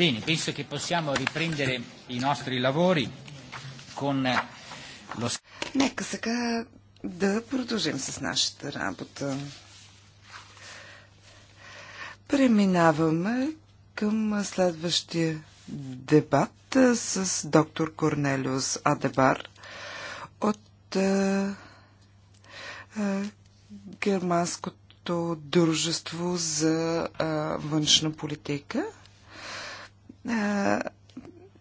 Bene, penso che possiamo riprendere i nostri lavori con eh, lo... Нека сега да продължим с нашата работа. Преминаваме към следващия дебат с доктор Корнелиус Адебар от а, а, Германското дружество за а, външна политика.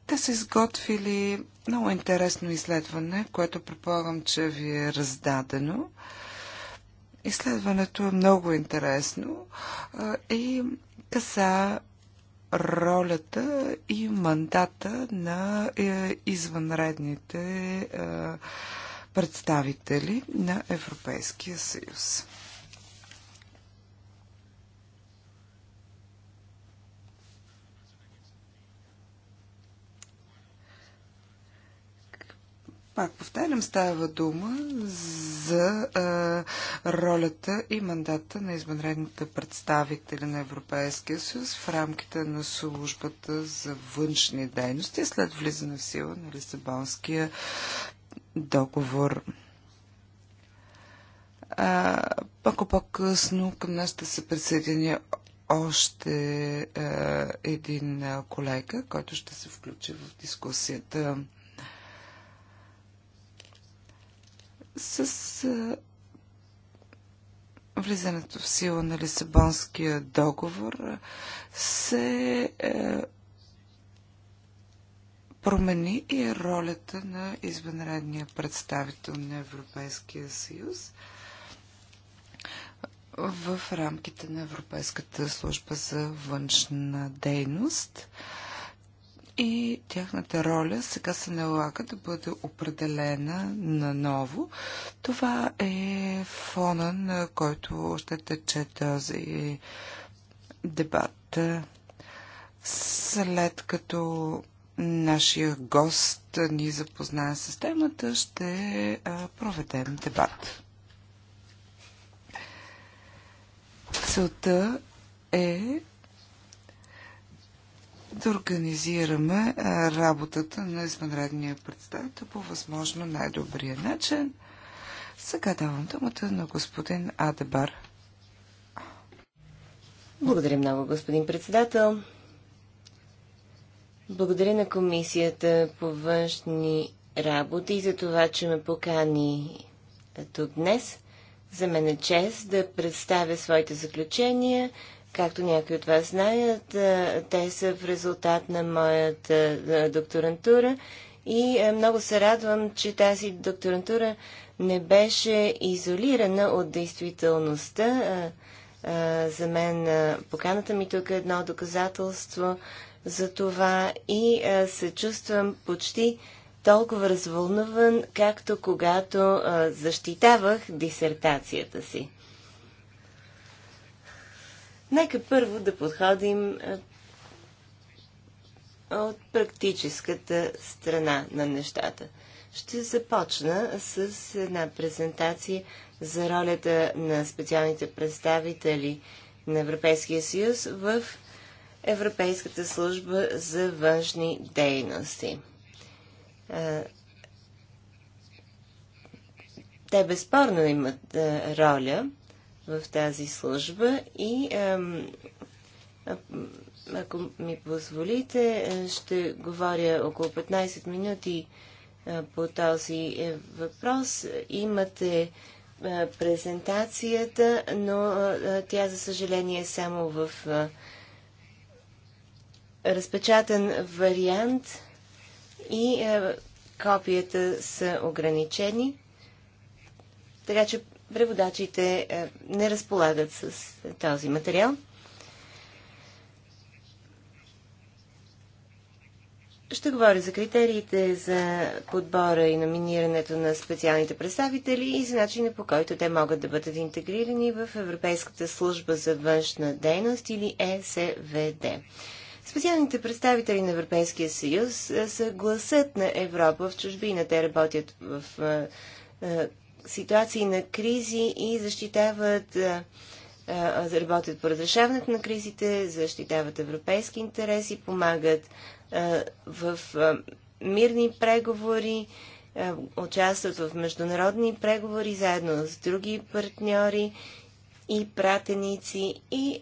Те са изготвили много интересно изследване, което предполагам, че ви е раздадено. Изследването е много интересно и каса ролята и мандата на е, извънредните представители на Европейския съюз. Пак повтарям, става дума за а, ролята и мандата на извънредните представители на Европейския съюз в рамките на службата за външни дейности след влизане в сила на Лисабонския договор. А, пако по-късно към нас ще се присъедини още а, един колега, който ще се включи в дискусията. С влизането в сила на Лисабонския договор се е, промени и ролята на извънредния представител на Европейския съюз в рамките на Европейската служба за външна дейност и тяхната роля сега се налага да бъде определена наново. Това е фона, на който ще тече този дебат. След като нашия гост ни запознае с темата, ще проведем дебат. Целта е да организираме работата на извънредния представител по възможно най-добрия начин. Сега давам думата на господин Адебар. Благодаря много, господин председател. Благодаря на комисията по външни работи и за това, че ме покани тук днес. За мен е чест да представя своите заключения Както някои от вас знаят, те са в резултат на моята докторантура и много се радвам, че тази докторантура не беше изолирана от действителността. За мен поканата ми тук е едно доказателство за това и се чувствам почти толкова развълнуван, както когато защитавах дисертацията си. Нека първо да подходим е, от практическата страна на нещата. Ще започна с една презентация за ролята на специалните представители на Европейския съюз в Европейската служба за външни дейности. Е, те безспорно имат е, роля в тази служба и ако ми позволите, е, ще говоря около 15 минути е, по този е, въпрос. Имате презентацията, но тя, за съжаление, е само в разпечатан вариант и копията са ограничени. Така че преводачите е, не разполагат с този материал. Ще говоря за критериите за подбора и номинирането на специалните представители и за начина по който те могат да бъдат интегрирани в Европейската служба за външна дейност или ЕСВД. Специалните представители на Европейския съюз е, са гласът на Европа в чужбина. Те работят в е, ситуации на кризи и защитават, работят по разрешаването на кризите, защитават европейски интереси, помагат в мирни преговори, участват в международни преговори заедно с други партньори и пратеници и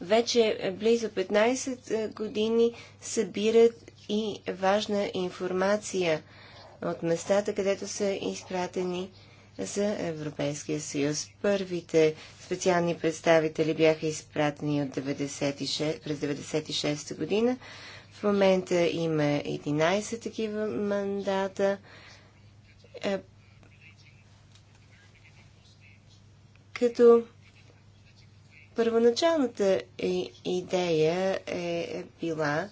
вече близо 15 години събират и важна информация – от местата, където са изпратени за Европейския съюз. Първите специални представители бяха изпратени от 96, през 1996 година. В момента има 11 такива мандата. Е, като първоначалната идея е, е била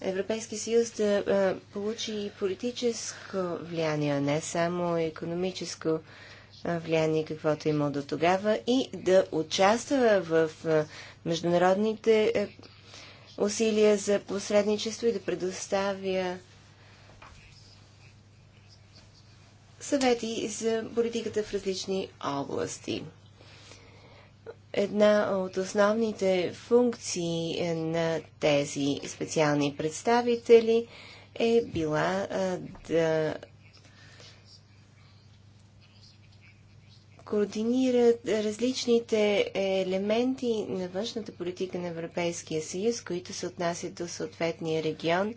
Европейския съюз да а, получи и политическо влияние, а не само економическо влияние, каквото има до тогава, и да участва в а, международните а, е, усилия за посредничество и да предоставя съвети за политиката в различни области една от основните функции е, на тези специални представители е била да координират различните елементи на външната политика на Европейския съюз, които се отнасят до съответния регион,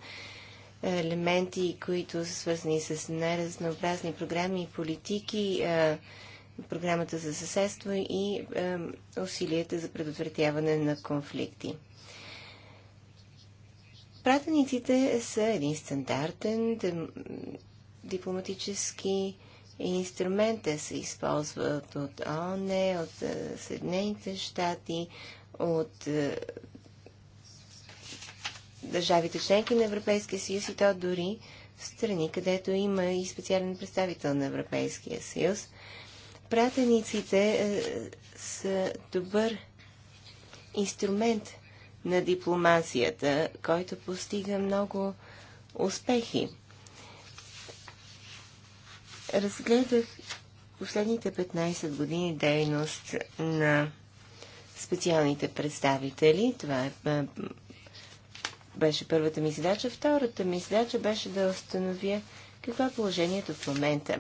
елементи, които са свързани с най-разнообразни програми и политики, а, програмата за съседство и е, усилията за предотвратяване на конфликти. Пратениците са един стандартен дипломатически инструмент. Те се използват от ООН, от е, Съединените щати, от е, държавите членки на Европейския съюз и то дори в страни, където има и специален представител на Европейския съюз – пратениците е, са добър инструмент на дипломацията, който постига много успехи. Разгледах последните 15 години дейност на специалните представители. Това е, е, беше първата ми задача. Втората ми задача беше да установя какво е положението в момента.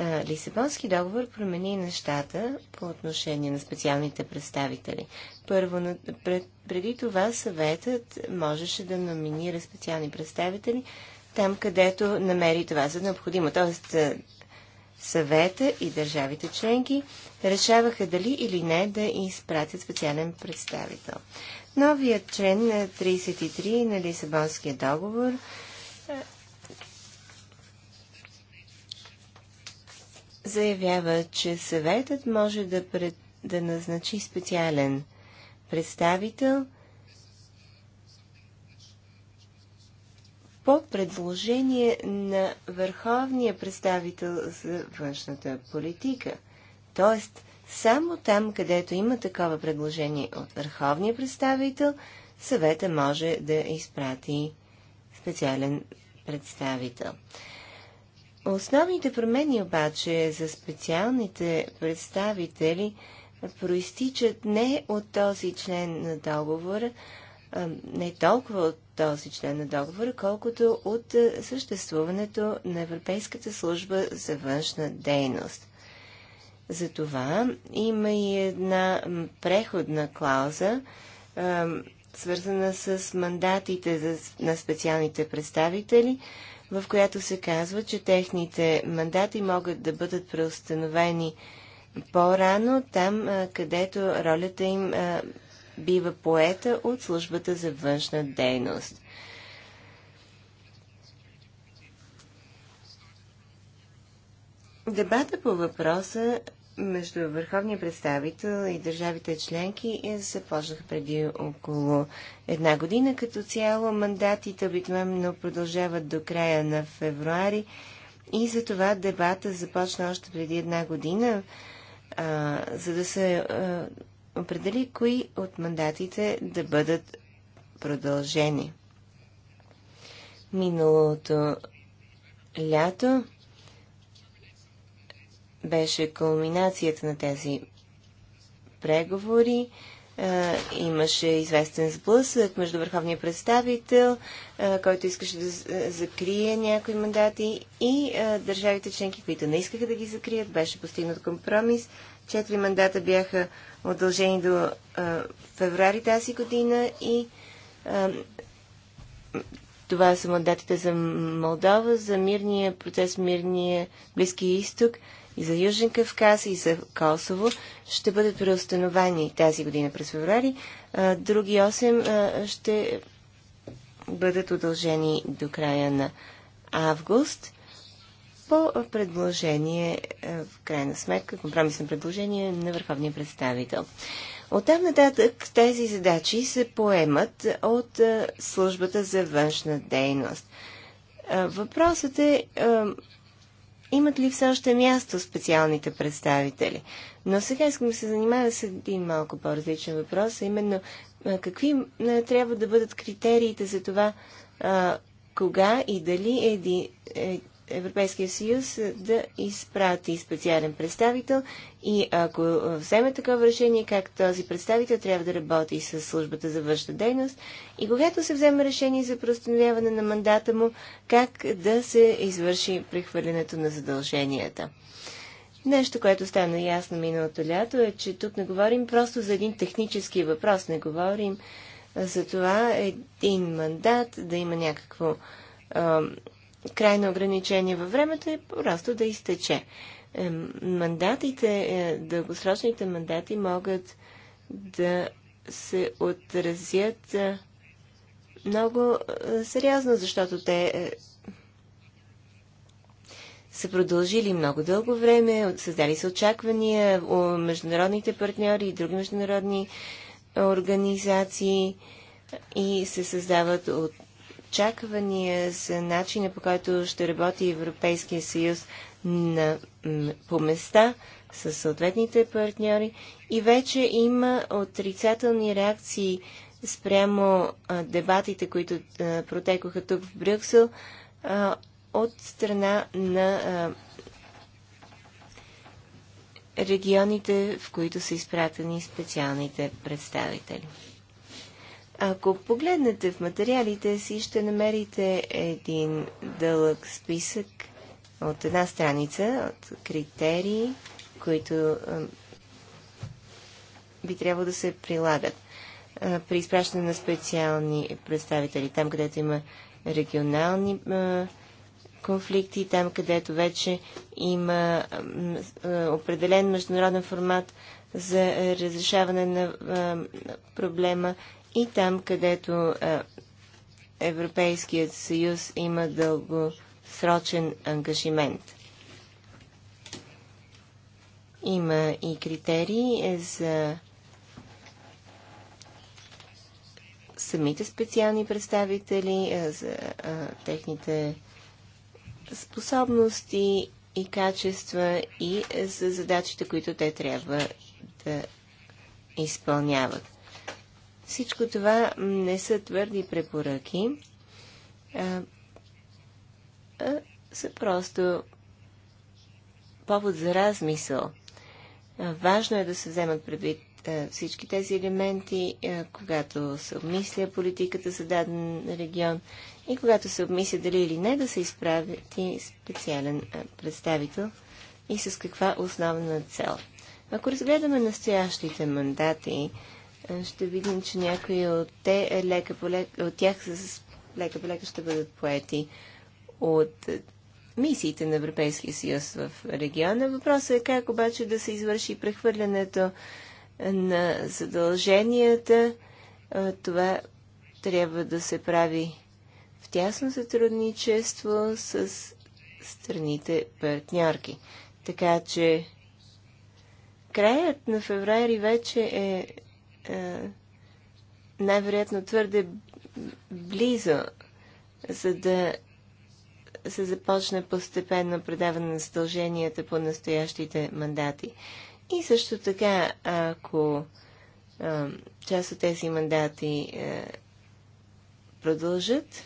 Е, Лисабонски договор промени нещата по отношение на специалните представители. Първо, пред, преди това съветът можеше да номинира специални представители там, където намери това за необходимо. Тоест, е, съвета и държавите членки решаваха дали или не да изпратят специален представител. Новият член 33 на Лисабонския договор е, заявява, че съветът може да, пред, да назначи специален представител по предложение на върховния представител за външната политика. Тоест, само там, където има такова предложение от върховния представител, съвета може да изпрати специален представител. Основните промени обаче за специалните представители проистичат не от този член на договора, не толкова от този член на договора, колкото от съществуването на Европейската служба за външна дейност. Затова има и една преходна клауза, свързана с мандатите на специалните представители, в която се казва, че техните мандати могат да бъдат преустановени по-рано, там където ролята им бива поета от службата за външна дейност. Дебата по въпроса между върховния представител и държавите членки е, започнаха преди около една година. Като цяло мандатите обикновено продължават до края на февруари и за това дебата започна още преди една година, а, за да се а, определи кои от мандатите да бъдат продължени. Миналото лято беше кулминацията на тези преговори. Имаше известен сблъсък между върховния представител, който искаше да закрие някои мандати и държавите членки, които не искаха да ги закрият. Беше постигнат компромис. Четири мандата бяха удължени до феврари тази година и това са мандатите за Молдова, за мирния процес, мирния Близки изток и за Южен Кавказ, и за Косово ще бъдат преустановени тази година през феврари. Други 8 ще бъдат удължени до края на август по предложение, в крайна сметка, компромисно предложение на Върховния представител. Оттам нататък тези задачи се поемат от службата за външна дейност. Въпросът е имат ли все още място специалните представители. Но сега искам да се занимавам с един малко по-различен въпрос, а именно какви трябва да бъдат критериите за това а, кога и дали е, Европейския съюз е, да изпрати специален представител и ако е, вземе такова решение, как този представител трябва да работи с службата за външна дейност и когато се вземе решение за преустановяване на мандата му, как да се извърши прехвърлянето на задълженията. Нещо, което стана ясно миналото лято е, че тук не говорим просто за един технически въпрос, не говорим за това един мандат да има някакво крайно ограничение във времето и просто да изтече. Е, мандатите, е, дългосрочните мандати могат да се отразят е, много сериозно, защото те са продължили много дълго време, създали се очаквания у международните партньори и други международни организации и се създават от очаквания за начина по който ще работи Европейския съюз на, по места с съответните партньори и вече има отрицателни реакции спрямо а, дебатите, които а, протекоха тук в Брюксел а, от страна на а, регионите, в които са изпратени специалните представители. Ако погледнете в материалите си, ще намерите един дълъг списък от една страница от критерии, които би трябвало да се прилагат при изпращане на специални представители, там където има регионални конфликти, там където вече има определен международен формат за разрешаване на проблема и там, където Европейският съюз има дългосрочен ангажимент. Има и критерии за самите специални представители, за техните способности и качества и за задачите, които те трябва да изпълняват. Всичко това не са твърди препоръки, а, а са просто повод за размисъл. А, важно е да се вземат предвид а, всички тези елементи, а, когато се обмисля политиката за даден регион и когато се обмисля дали или не да се изправи специален представител и с каква основна цел. Ако разгледаме настоящите мандати, е, ще видим, че някои от, те, е, лека по лека, от тях с лека по лека ще бъдат поети от е, мисиите на Европейския съюз в региона. Въпросът е как обаче да се извърши прехвърлянето на задълженията. Това трябва да се прави в тясно сътрудничество с страните партньорки. Така че краят на феврари вече е е, най-вероятно твърде близо, за да се започне постепенно предаване на задълженията по настоящите мандати. И също така, ако е, част от тези мандати е, продължат,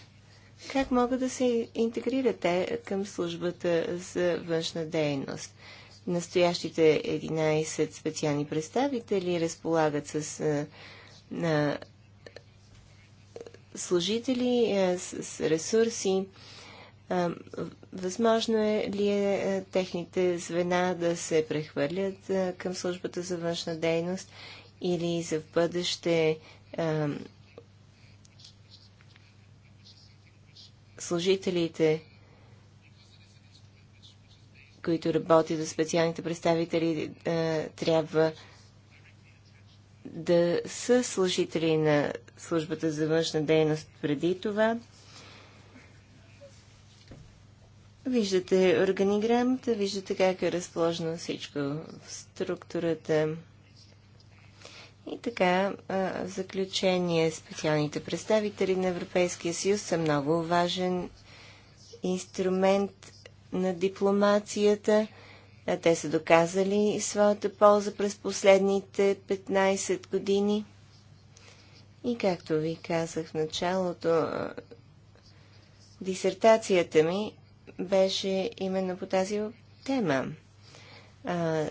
как могат да се интегрират те към службата за външна дейност? Настоящите 11 специални представители разполагат с а, на служители, а, с, с ресурси. А, възможно е ли е техните звена да се прехвърлят а, към службата за външна дейност или за в бъдеще а, служителите които работят за специалните представители, е, трябва да са служители на службата за външна дейност преди това. Виждате органиграмата, виждате как е разположено всичко в структурата. И така, в заключение, специалните представители на Европейския съюз са много важен инструмент на дипломацията. Те са доказали своята полза през последните 15 години. И както ви казах в началото, дисертацията ми беше именно по тази тема. А,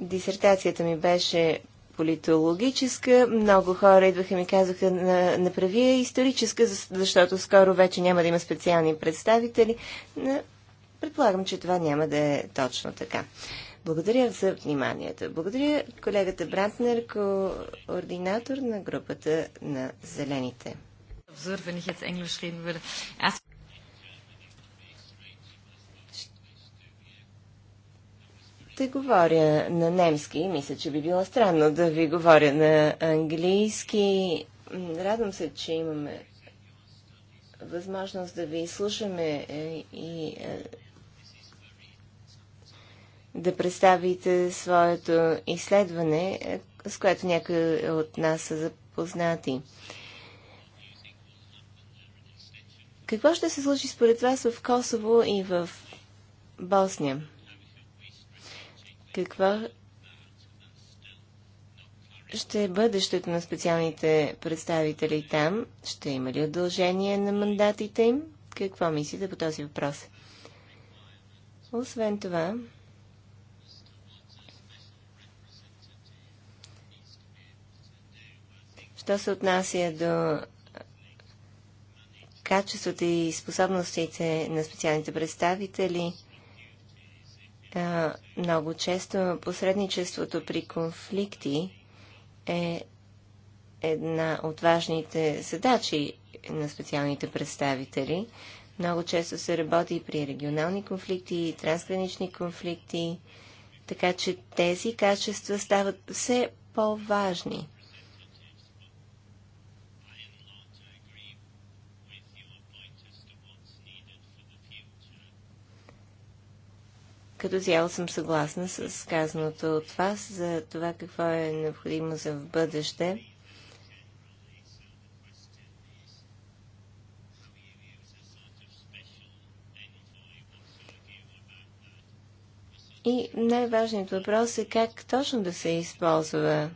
дисертацията ми беше политологическа. Много хора идваха и ми казаха, направи я историческа, защото скоро вече няма да има специални представители. Но Предполагам, че това няма да е точно така. Благодаря за вниманието. Благодаря колегата Брантнер, координатор на групата на Зелените. ще говоря на немски. Мисля, че би било странно да ви говоря на английски. Радвам се, че имаме възможност да ви слушаме е, и е, да представите своето изследване, е, с което някои от нас са запознати. Какво ще се случи според вас в Косово и в Босния? какво ще е бъдещето на специалните представители там? Ще има ли удължение на мандатите им? Какво мислите по този въпрос? Освен това, що се отнася до качеството и способностите на специалните представители – е, много често посредничеството при конфликти е една от важните задачи на специалните представители. Много често се работи и при регионални конфликти, и трансгранични конфликти, така че тези качества стават все по-важни. Като цяло съм съгласна с казаното от вас за това какво е необходимо за в бъдеще. И най-важният въпрос е как точно да се използва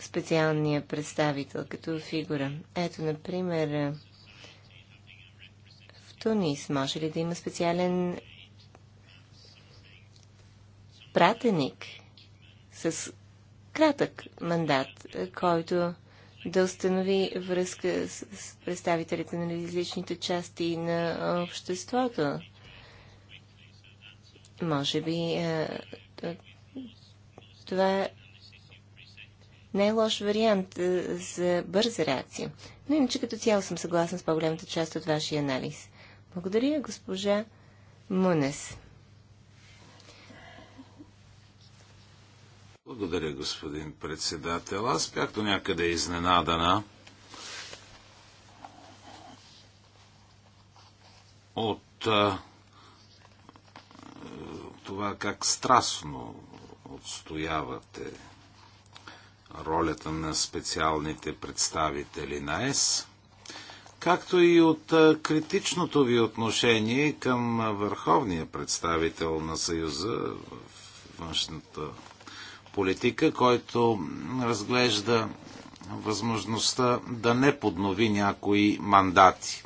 специалния представител като фигура. Ето, например, в Тунис може ли да има специален пратеник с кратък мандат, е, който да установи връзка с представителите на различните части на обществото. Може би е, това не е лош вариант е, за бърза реакция. Но иначе като цяло съм съгласна с по-голямата част от вашия анализ. Благодаря, госпожа Мунес. Благодаря, господин председател. Аз бях до някъде изненадана от а, е, това как страстно отстоявате ролята на специалните представители на ЕС, както и от критичното ви отношение към върховния представител на Съюза в външната политика, който разглежда възможността да не поднови някои мандати.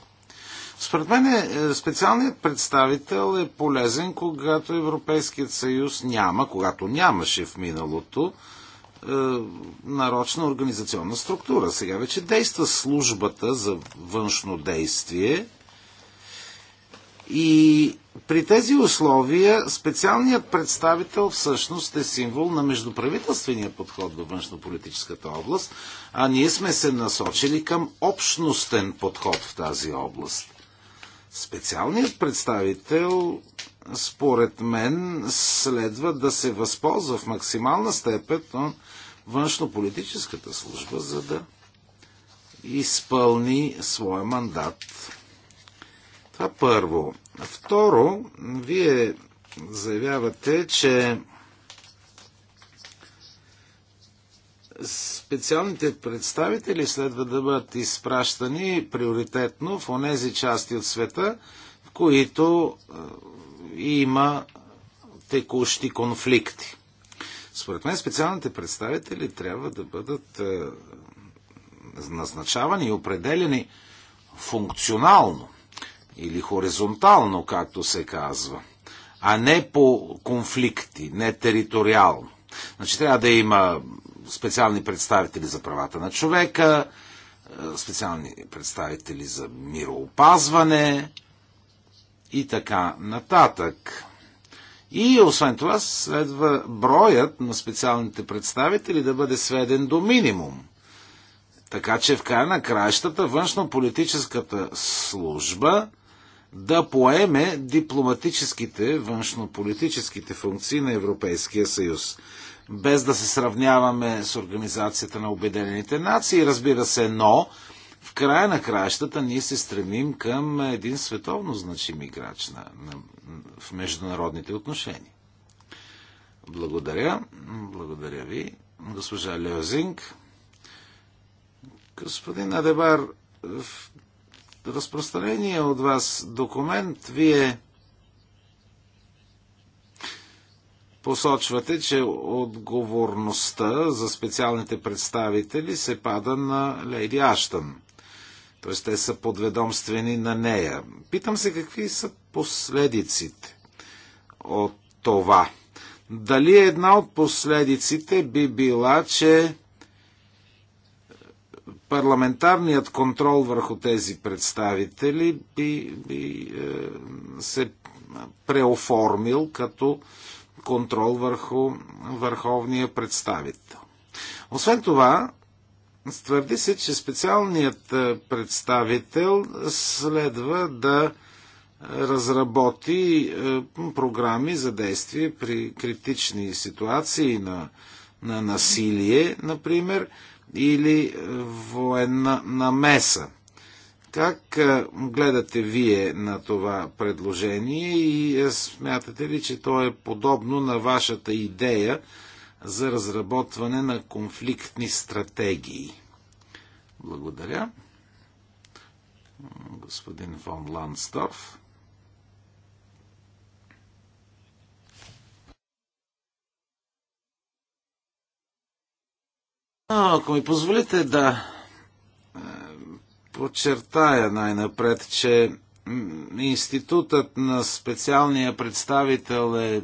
Според мен е, специалният представител е полезен, когато Европейският съюз няма, когато нямаше в миналото, е, нарочна организационна структура. Сега вече действа службата за външно действие и при тези условия специалният представител всъщност е символ на междуправителствения подход във външнополитическата област, а ние сме се насочили към общностен подход в тази област. Специалният представител, според мен, следва да се възползва в максимална степен от външнополитическата служба, за да изпълни своя мандат. Това първо. Второ, вие заявявате, че специалните представители следва да бъдат изпращани приоритетно в онези части от света, в които е, има текущи конфликти. Според мен специалните представители трябва да бъдат е, назначавани и определени функционално – или хоризонтално, както се казва, а не по конфликти, не териториално. Значи трябва да има специални представители за правата на човека, е, специални представители за мироопазване и така нататък. И освен това следва броят на специалните представители да бъде сведен до минимум. Така че в края на краищата външно-политическата служба да поеме дипломатическите, външнополитическите функции на Европейския съюз. Без да се сравняваме с Организацията на Обединените нации, разбира се, но в края на краищата ние се стремим към един световно значим играч на, на, в международните отношения. Благодаря. Благодаря ви, госпожа Льозинг. Господин Адебар, разпространения от вас документ вие посочвате, че отговорността за специалните представители се пада на Лейди Аштън. Т.е. те са подведомствени на нея. Питам се какви са последиците от това. Дали една от последиците би била, че парламентарният контрол върху тези представители би, би е, се преоформил като контрол върху върховния представител. Освен това, твърди се, че специалният е, представител следва да разработи е, програми за действие при критични ситуации на, на насилие, например, или военна намеса. Как е, гледате вие на това предложение и е, смятате ли, че то е подобно на вашата идея за разработване на конфликтни стратегии? Благодаря. Господин фон Ландсторф. А, ако ми позволите да е, подчертая най-напред, че институтът на специалния представител е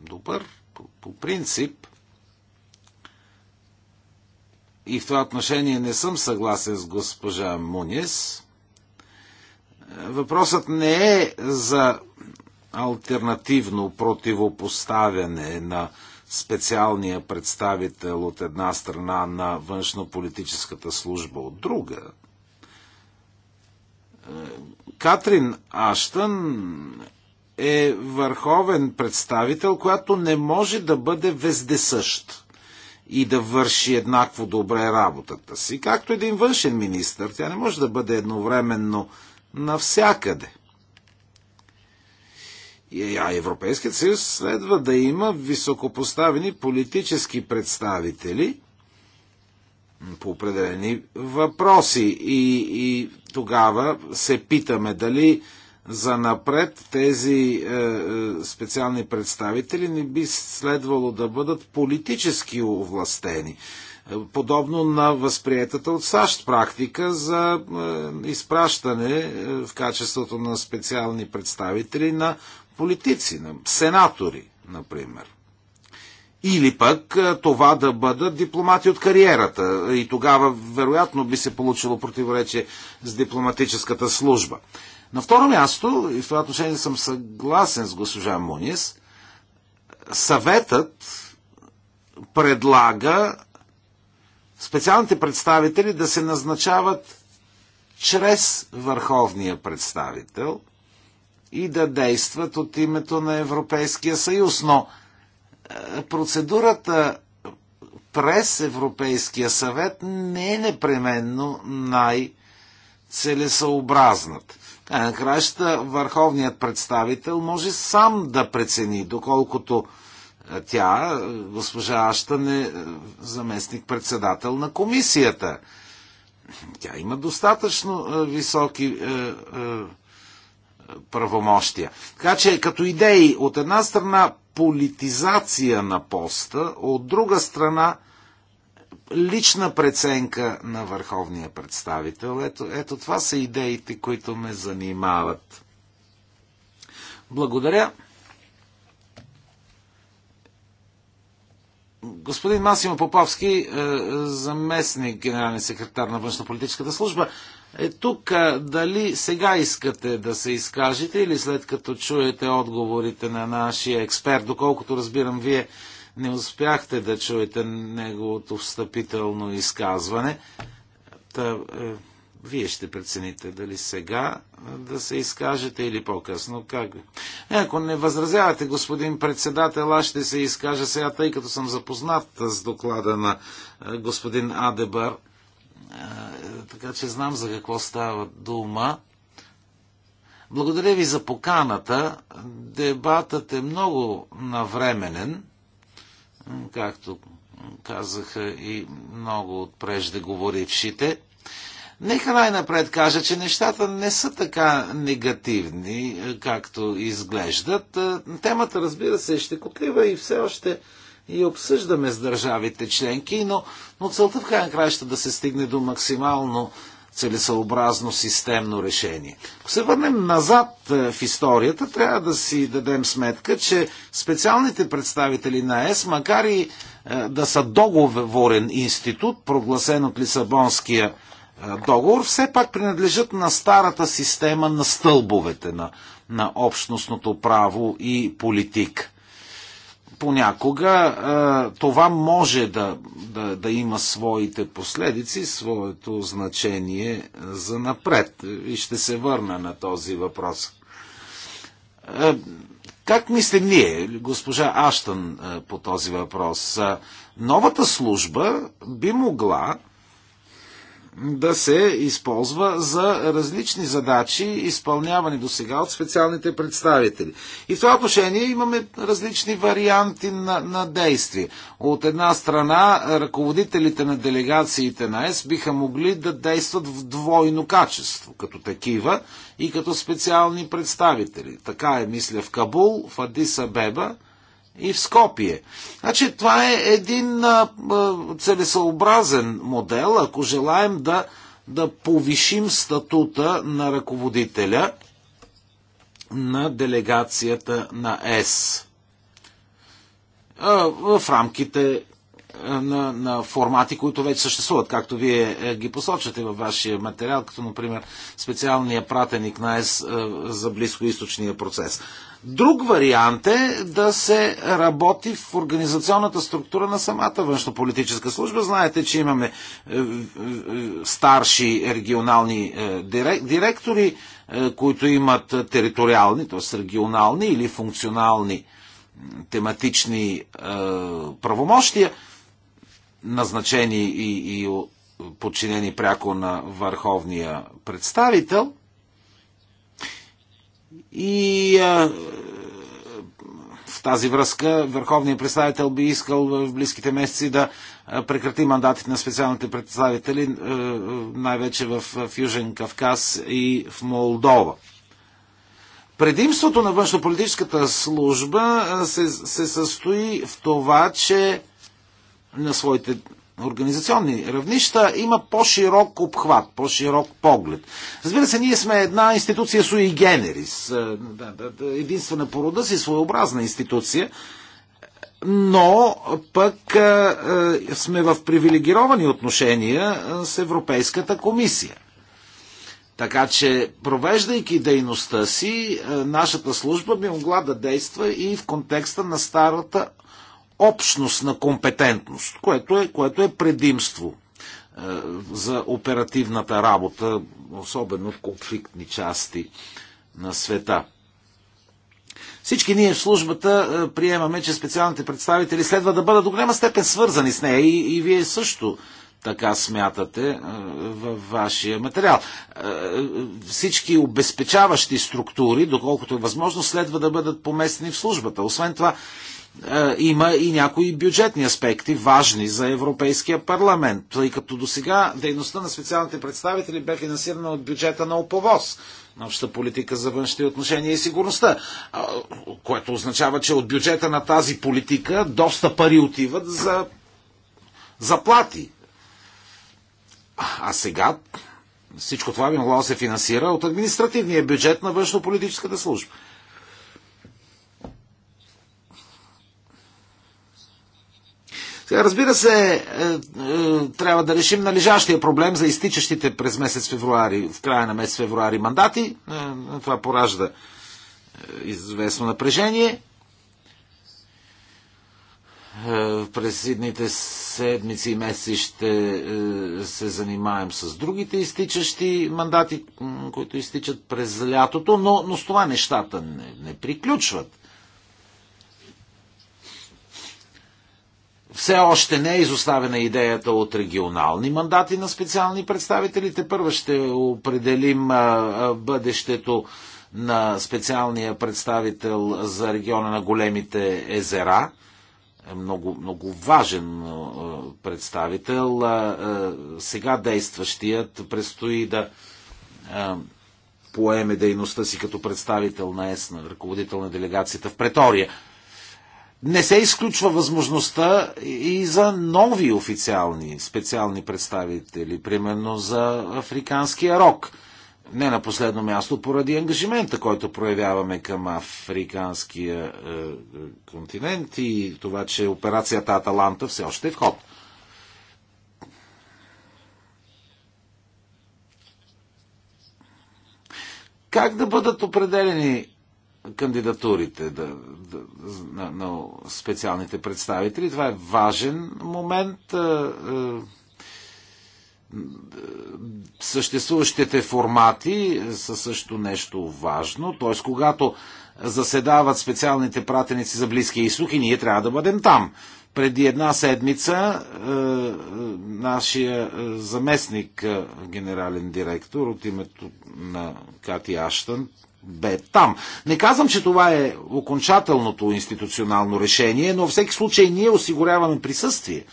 добър по, по принцип. И в това отношение не съм съгласен с госпожа Мунис. Е, въпросът не е за альтернативно противопоставяне на специалния представител от една страна на външнополитическата служба от друга, Катрин Аштън е върховен представител, която не може да бъде вездесъщ и да върши еднакво добре работата си, както един външен министр. Тя не може да бъде едновременно навсякъде. Е, а Европейският съюз следва да има високопоставени политически представители по определени въпроси. И, и тогава се питаме дали за напред тези е, е, специални представители не би следвало да бъдат политически овластени. Подобно на възприетата от САЩ практика за е, изпращане е, в качеството на специални представители на политици, на сенатори, например. Или пък това да бъдат дипломати от кариерата. И тогава, вероятно, би се получило противоречие с дипломатическата служба. На второ място, и в това отношение съм съгласен с госпожа Мунис, съветът предлага специалните представители да се назначават чрез върховния представител – и да действат от името на Европейския съюз. Но е, процедурата през Европейския съвет не е непременно най целесообразната Край на върховният представител може сам да прецени, доколкото е, тя, е, госпожа Аштан, е заместник-председател на комисията. Тя има достатъчно високи правомощия. Така че като идеи от една страна политизация на поста, от друга страна лична преценка на върховния представител. Ето, ето това са идеите, които ме занимават. Благодаря. Господин Масимо Поповски, е, е, заместник генерален секретар на външно-политическата служба, е, тук дали сега искате да се изкажете или след като чуете отговорите на нашия експерт, доколкото разбирам, вие не успяхте да чуете неговото встъпително изказване. Та, е, вие ще прецените дали сега да се изкажете или по-късно. Как? Е, ако не възразявате, господин председател, аз ще се изкажа сега, тъй като съм запознат с доклада на е, господин Адебър. Е, така че знам за какво става дума. Благодаря ви за поканата. Дебатът е много навременен, както казаха и много от преждеговорившите. Нека най-напред кажа, че нещата не са така негативни, е, както изглеждат. Е, темата, разбира се, ще котлива и все още и обсъждаме с държавите членки, но, но целта в крайна ще да се стигне до максимално целесъобразно системно решение. Ако се върнем назад е, в историята, трябва да си дадем сметка, че специалните представители на ЕС, макар и е, да са договорен институт, прогласен от Лисабонския е, договор, все пак принадлежат на старата система на стълбовете на, на общностното право и политика понякога е, това може да, да, да има своите последици, своето значение за напред. И ще се върна на този въпрос. Е, как мислим ние, госпожа Аштън, е, по този въпрос? Новата служба би могла да се използва за различни задачи, изпълнявани до сега от специалните представители. И в това отношение имаме различни варианти на, на действие. От една страна, ръководителите на делегациите на ЕС биха могли да действат в двойно качество, като такива и като специални представители. Така е, мисля, в Кабул, в Адиса Беба и в Скопие. Значи това е един а, целесообразен модел, ако желаем да, да повишим статута на ръководителя на делегацията на ЕС в рамките на, на формати, които вече съществуват, както вие е, ги посочвате във вашия материал, като например специалния пратеник на ЕС за близкоисточния процес. Друг вариант е да се работи в организационната структура на самата външнополитическа служба. Знаете, че имаме е, е, е, старши регионални директори, които имат териториални, т.е. регионални или функционални тематични правомощия, назначени и подчинени пряко на върховния представител – и а, в тази връзка върховният представител би искал в близките месеци да прекрати мандатите на специалните представители, най-вече в, в Южен Кавказ и в Молдова. Предимството на външнополитическата служба се, се състои в това, че на своите организационни равнища има по-широк обхват, по-широк поглед. Разбира се, ние сме една институция суи генерис, единствена по рода си, своеобразна институция, но пък е, е, сме в привилегировани отношения е, с Европейската комисия. Така че, провеждайки дейността си, нашата служба би могла да действа и в контекста на старата общност на компетентност, което е, което е предимство е, за оперативната работа, особено в конфликтни части на света. Всички ние в службата е, приемаме, че специалните представители следва да бъдат до голяма степен свързани с нея и, и вие също така смятате е, във вашия материал. Всички обезпечаващи структури, доколкото е възможно, следва да бъдат поместени в службата. Освен това, е, има и някои бюджетни аспекти, важни за Европейския парламент, тъй като до сега дейността на специалните представители бе финансирана от бюджета на ОПОВОз, на обща политика за външни отношения и сигурността, е, което означава, че от бюджета на тази политика доста пари отиват за заплати. А сега всичко това би могло да се финансира от административния бюджет на външно-политическата служба. Сега, разбира се, е, е, трябва да решим належащия проблем за изтичащите през месец февруари, в края на месец февруари мандати. Е, това поражда е, известно напрежение е, през едните седмици и месеци ще е, се занимаем с другите изтичащи мандати, които изтичат през лятото, но, но с това нещата не, не приключват. Все още не е изоставена идеята от регионални мандати на специални представители. Те първо ще определим бъдещето на специалния представител за региона на големите езера. Е много, много важен представител. Сега действащият предстои да поеме дейността си като представител на ЕС, на ръководител на делегацията в Претория не се изключва възможността и за нови официални специални представители, примерно за африканския рок. Не на последно място поради ангажимента, който проявяваме към африканския е, е континент и това, че операцията Аталанта все още е в ход. Как да бъдат определени кандидатурите да, да, на, на специалните представители. Това е важен момент. А, е, а, е, съществуващите формати са също нещо важно. Т.е. когато заседават специалните пратеници за Близкия изток и ние трябва да бъдем там. Преди една седмица е, нашия заместник генерален директор от името на Кати Аштън бе там. Не казвам, че това е окончателното институционално решение, но във всеки случай ние осигуряваме присъствие.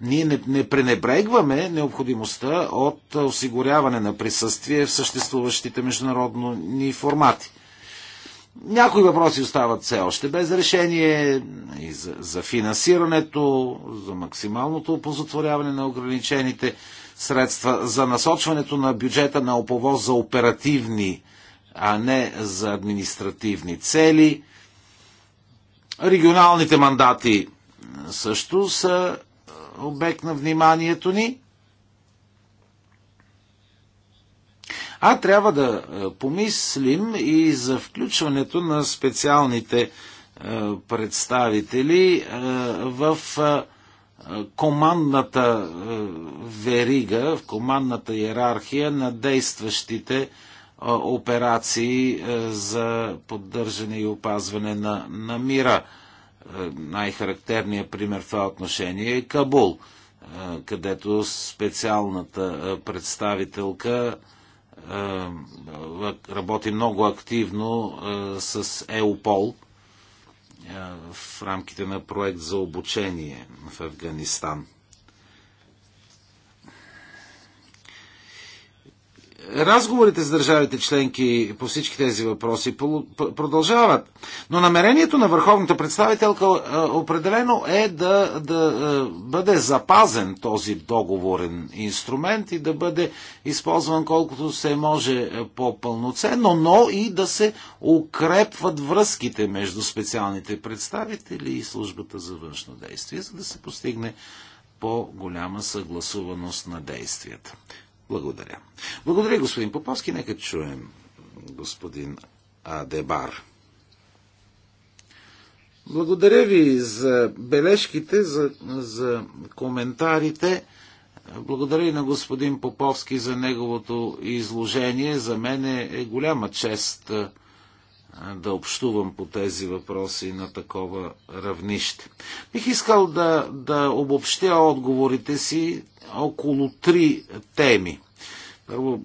Ние не, не пренебрегваме необходимостта от осигуряване на присъствие в съществуващите международни формати. Някои въпроси остават все още без решение и за, за финансирането, за максималното опозотворяване на ограничените средства, за насочването на бюджета на оповоз за оперативни а не за административни цели. Регионалните мандати също са е, обект на вниманието ни. А трябва да е, помислим и за включването на специалните е, представители в командната верига, в командната иерархия на действащите операции е, за поддържане и опазване на, на мира. Е, най-характерният пример в това отношение е Кабул, е, където специалната представителка работи много активно с ЕУПОЛ в рамките на проект за обучение в Афганистан. Разговорите с държавите членки по всички тези въпроси продължават. Но намерението на върховната представителка е, определено е да, да е, бъде запазен този договорен инструмент и да бъде използван колкото се може е, по-пълноценно, но и да се укрепват връзките между специалните представители и службата за външно действие, за да се постигне по-голяма съгласуваност на действията. Благодаря. Благодаря, господин Поповски. Нека чуем господин Адебар. Благодаря ви за бележките, за, за коментарите. Благодаря и на господин Поповски за неговото изложение. За мен е голяма чест да общувам по тези въпроси на такова равнище. Бих искал да, да обобщя отговорите си около три теми. Първо,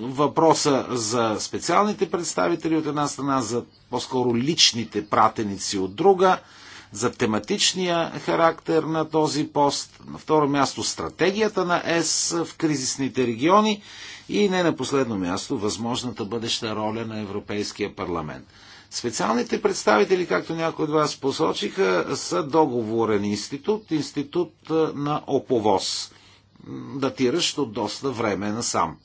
въпроса за специалните представители от една страна, за по-скоро личните пратеници от друга, за тематичния характер на този пост, на второ място стратегията на ЕС в кризисните региони и не на последно място, възможната бъдеща роля на Европейския парламент. Специалните представители, както някои от вас посочиха, са договорен институт, институт на оповоз, датиращ от доста време насам.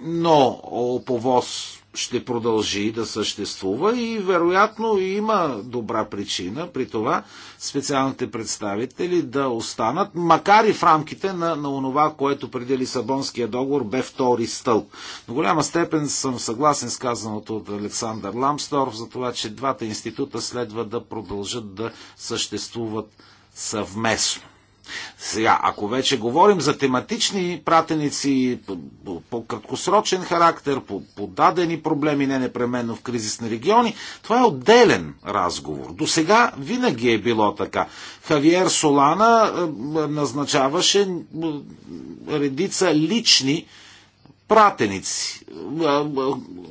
Но оповоз ще продължи да съществува и вероятно има добра причина при това специалните представители да останат, макар и в рамките на, на онова, което преди Лисабонския договор бе втори стълб. До голяма степен съм съгласен с казаното от Александър Ламсторф за това, че двата института следва да продължат да съществуват съвместно. Сега, ако вече говорим за тематични пратеници по, по, по краткосрочен характер, по, по дадени проблеми, не непременно в кризисни региони, това е отделен разговор. До сега винаги е било така. Хавиер Солана е, е, назначаваше редица лични пратеници,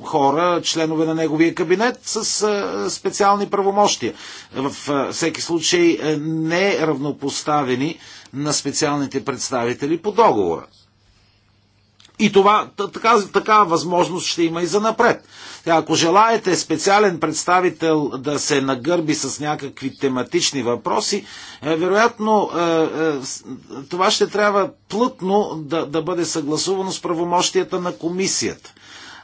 хора, членове на неговия кабинет с специални правомощия. В всеки случай е, не равнопоставени на специалните представители по договора. И това, така, такава възможност ще има и за напред. Ако желаете специален представител да се нагърби с някакви тематични въпроси, е, вероятно е, е, това ще трябва плътно да, да бъде съгласувано с правомощията на комисията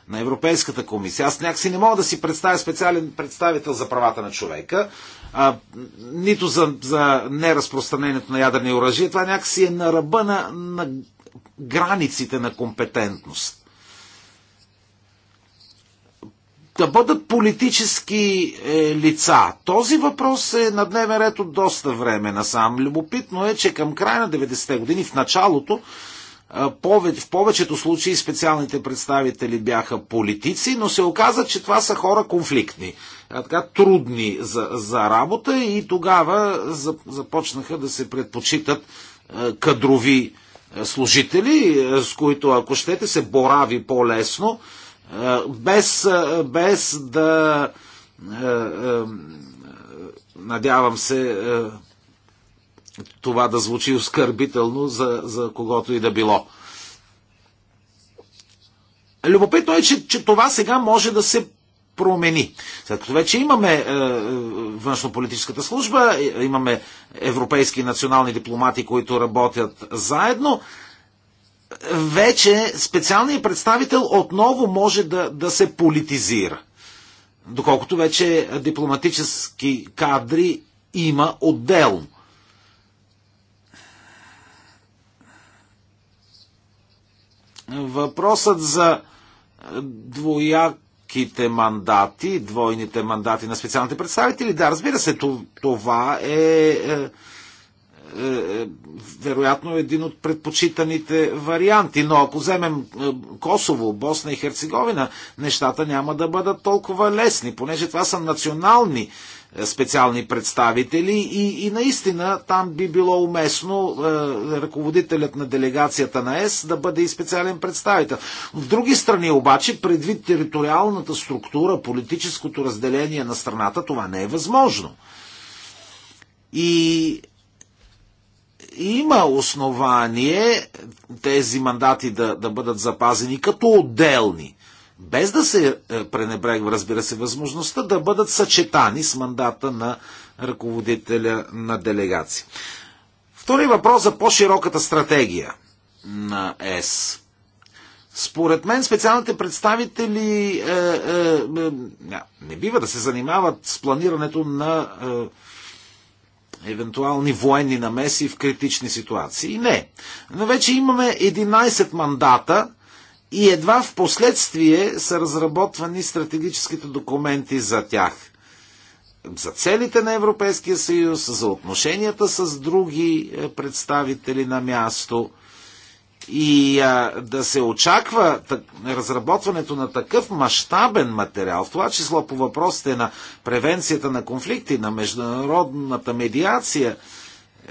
на Европейската комисия. Аз някакси не мога да си представя специален представител за правата на човека, а, нито за, за неразпространението на ядрени оръжия. Това някакси е на ръба на, на границите на компетентност. Да бъдат политически е, лица. Този въпрос е на дневен ред от доста време насам. Любопитно е, че към края на 90-те години, в началото, е, в повечето случаи специалните представители бяха политици, но се оказа, че това са хора конфликтни, е, така трудни за, за работа и тогава започнаха да се предпочитат е, кадрови служители, е, с които, ако щете, се борави по-лесно, е, без, е, без да надявам се това да звучи оскърбително за, за когото и да било. Любопитно е, че, че това сега може да се промени. След като вече имаме е, е външнополитическата служба, е, имаме европейски национални дипломати, които работят заедно, вече специалният представител отново може да, да се политизира. Доколкото вече дипломатически кадри има отделно. Въпросът за двояк двойките мандати, двойните мандати на специалните представители. Да, разбира се, това е, е, е, е вероятно един от предпочитаните варианти. Но ако вземем е, Косово, Босна и Херцеговина, нещата няма да бъдат толкова лесни, понеже това са национални специални представители и, и наистина там би било уместно е, ръководителят на делегацията на ЕС да бъде и специален представител. В други страни обаче, предвид териториалната структура, политическото разделение на страната, това не е възможно. И има основание тези мандати да, да бъдат запазени като отделни без да се е, пренебрегва, разбира се, възможността да бъдат съчетани с мандата на ръководителя на делегации. Втори въпрос за по-широката стратегия на ЕС. Според мен специалните представители е, е, е, не бива да се занимават с планирането на е, евентуални военни намеси в критични ситуации. Не. Но вече имаме 11 мандата и едва в последствие са разработвани стратегическите документи за тях. За целите на Европейския съюз, за отношенията с други е, представители на място и а, да се очаква так, разработването на такъв мащабен материал, в това число по въпросите на превенцията на конфликти, на международната медиация е,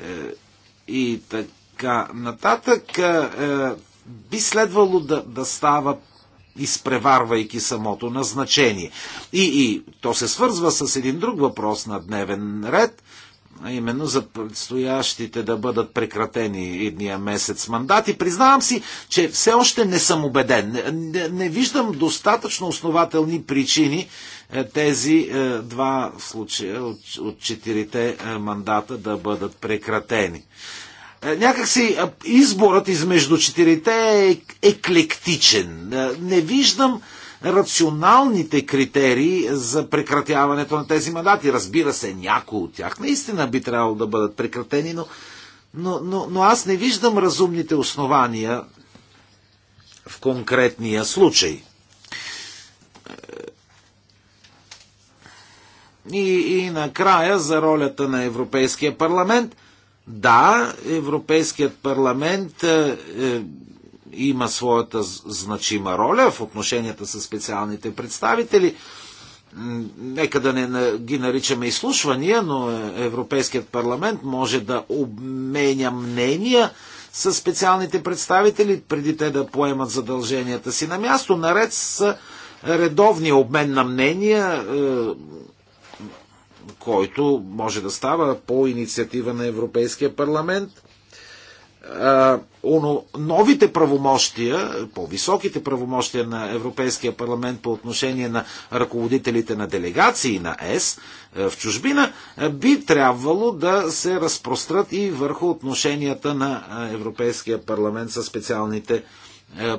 и така нататък, е, би следвало да, да става изпреварвайки самото назначение. И, и то се свързва с един друг въпрос на дневен ред, а именно за предстоящите да бъдат прекратени едния месец мандати. Признавам си, че все още не съм убеден. Не, не, не виждам достатъчно основателни причини е, тези е, два случая от, от четирите е, мандата да бъдат прекратени. Е, някакси е, изборът измежду четирите е еклектичен. Е, не виждам рационалните критерии за прекратяването на тези мандати. Разбира се, някои от тях наистина би трябвало да бъдат прекратени, но, но, но, но аз не виждам разумните основания в конкретния случай. И, и накрая за ролята на Европейския парламент – да, Европейският парламент е, е има своята значима роля в отношенията с специалните представители. Нека да не ги наричаме изслушвания, но е, Европейският парламент може да обменя мнения с специалните представители, преди те да поемат задълженията си на място, наред с е, редовния обмен на мнения който може да става по инициатива на Европейския парламент. Оно, новите правомощия, по-високите правомощия на Европейския парламент по отношение на ръководителите на делегации на ЕС в чужбина, би трябвало да се разпрострат и върху отношенията на Европейския парламент със специалните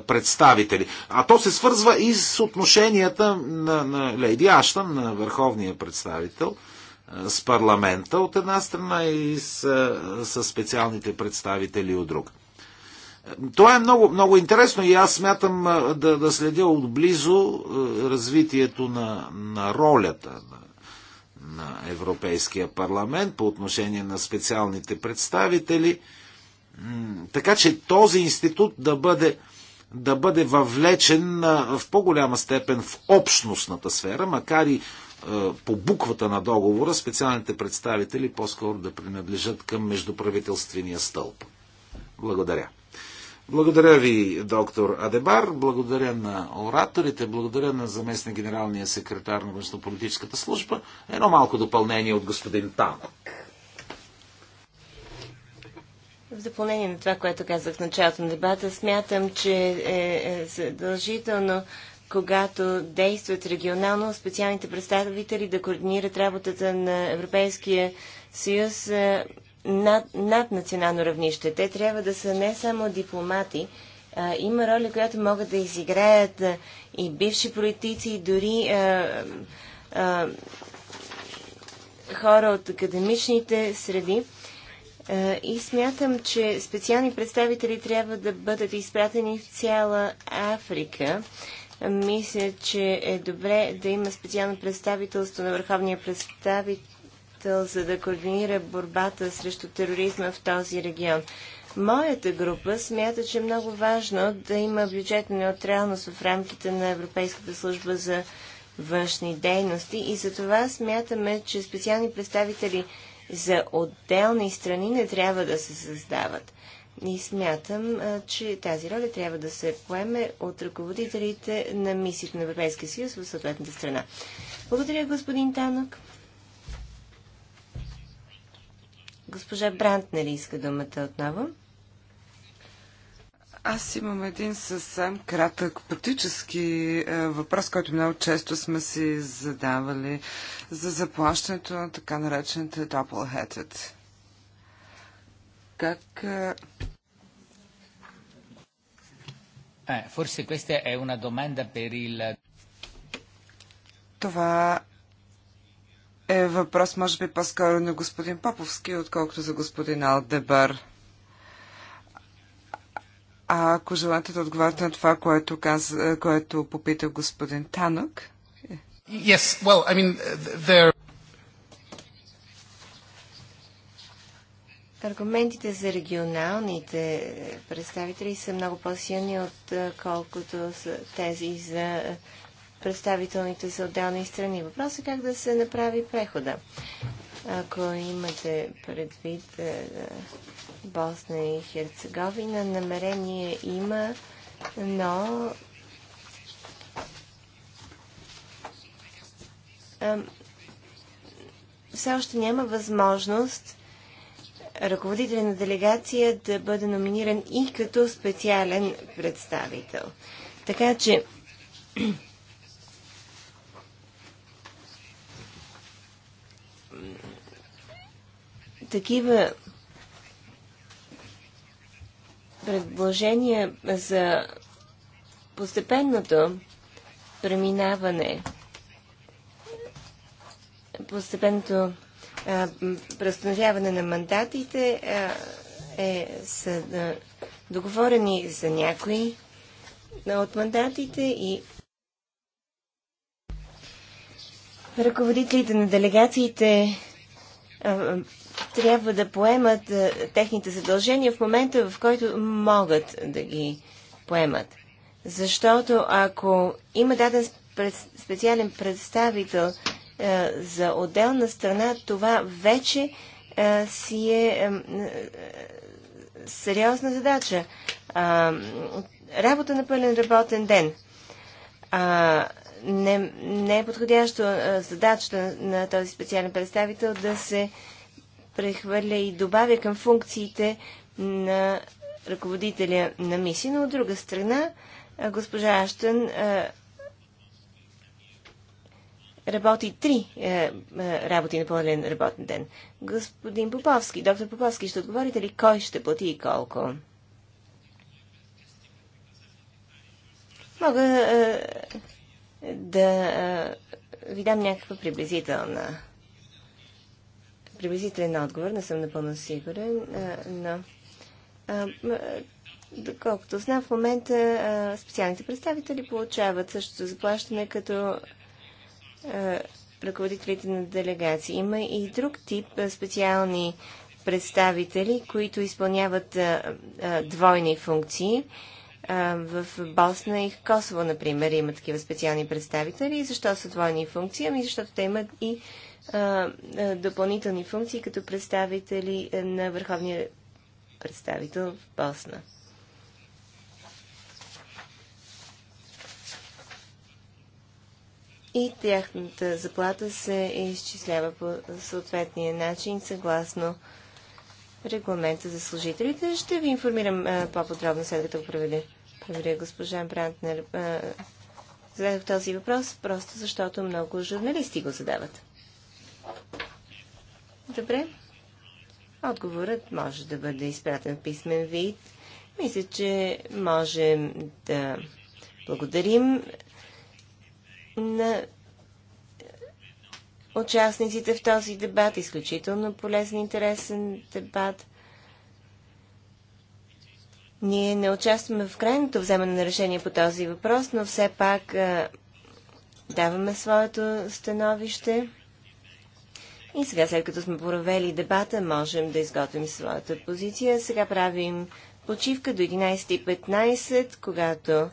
представители. А то се свързва и с отношенията на, на Лейди Аштън, на върховния представител – с парламента от една страна и с, с специалните представители от друга. Това е много, много интересно и аз смятам да, да следя отблизо развитието на, на ролята на, на Европейския парламент по отношение на специалните представители. Така че този институт да бъде, да бъде въвлечен в по-голяма степен в общностната сфера, макар и е, по буквата на договора специалните представители по-скоро да принадлежат към междуправителствения стълб. Благодаря. Благодаря ви, доктор Адебар. Благодаря на ораторите. Благодаря на заместник генералния секретар на външнополитическата служба. Едно малко допълнение от господин Танък. В допълнение на това, което казах в началото на дебата, смятам, че е, е задължително когато действат регионално, специалните представители да координират работата на Европейския съюз е, над, над национално равнище. Те трябва да са не само дипломати, а, има роля, която могат да изиграят а, е, и бивши политици, и дори а, е, а, хора от академичните среди. А, и смятам, че специални представители трябва да бъдат изпратени в цяла Африка мисля, че е добре да има специално представителство на върховния представител, за да координира борбата срещу тероризма в този регион. Моята група смята, че е много важно да има бюджетна неутралност в рамките на Европейската служба за външни дейности и за това смятаме, че специални представители за отделни страни не трябва да се създават. И смятам, че тази роля трябва да се поеме от ръководителите на мисията на Европейския съюз в съответната страна. Благодаря, господин Танок. Госпожа Брант, нали иска думата отново? Аз имам един съвсем кратък, практически е, въпрос, който много често сме си задавали за заплащането на така наречените double-headed. Как... Форси, е, eh, questa е една domanda per il... Това е въпрос, може би, по-скоро на господин Поповски, отколкото за господин Алдебар. А ако желаете да отговорите на това, което, каз, което попита господин Танък. Yes, well, I mean, there... Аргументите за регионалните представители са много по-силни, отколкото е, са тези за представителните за отделни страни. Въпросът е как да се направи прехода. Ако имате предвид е, Босна и Херцеговина. Намерение има, но все още няма възможност ръководителя на делегация да бъде номиниран и като специален представител. Така че такива предложения за постепенното преминаване, постепенното преустановяване на мандатите е, са да, договорени за някои от мандатите и ръководителите на делегациите трябва да поемат техните задължения в момента, в който могат да ги поемат. Защото ако има даден специален представител за отделна страна, това вече си е сериозна задача. Работа на пълен работен ден не, не е подходящо задачата на този специален представител да се прехвърля и добавя към функциите на ръководителя на мисия, но от друга страна госпожа Аштън работи три е, е, работи на пълен работен ден. Господин Поповски, доктор Поповски, ще отговорите ли кой ще плати и колко? Мога е, да ви дам някаква приблизителна приблизителен отговор, не съм напълно сигурен, но доколкото знам, в момента специалните представители получават същото заплащане като ръководителите на делегации. Има и друг тип специални представители, които изпълняват двойни функции в Босна и Косово, например, има такива специални представители. Защо са двойни функции? Ами защото те имат и а, допълнителни функции като представители на върховния представител в Босна. И тяхната заплата се изчислява по съответния начин, съгласно регламента за служителите. Ще ви информирам по-подробно след като проведе. проведе госпожа Брантнер. Зададох този въпрос, просто защото много журналисти го задават. Добре. Отговорът може да бъде изпратен в писмен вид. Мисля, че можем да благодарим на участниците в този дебат. Изключително полезен, интересен дебат. Ние не участваме в крайното вземане на решение по този въпрос, но все пак а, даваме своето становище. И сега, след като сме провели дебата, можем да изготвим своята позиция. Сега правим почивка до 11.15, когато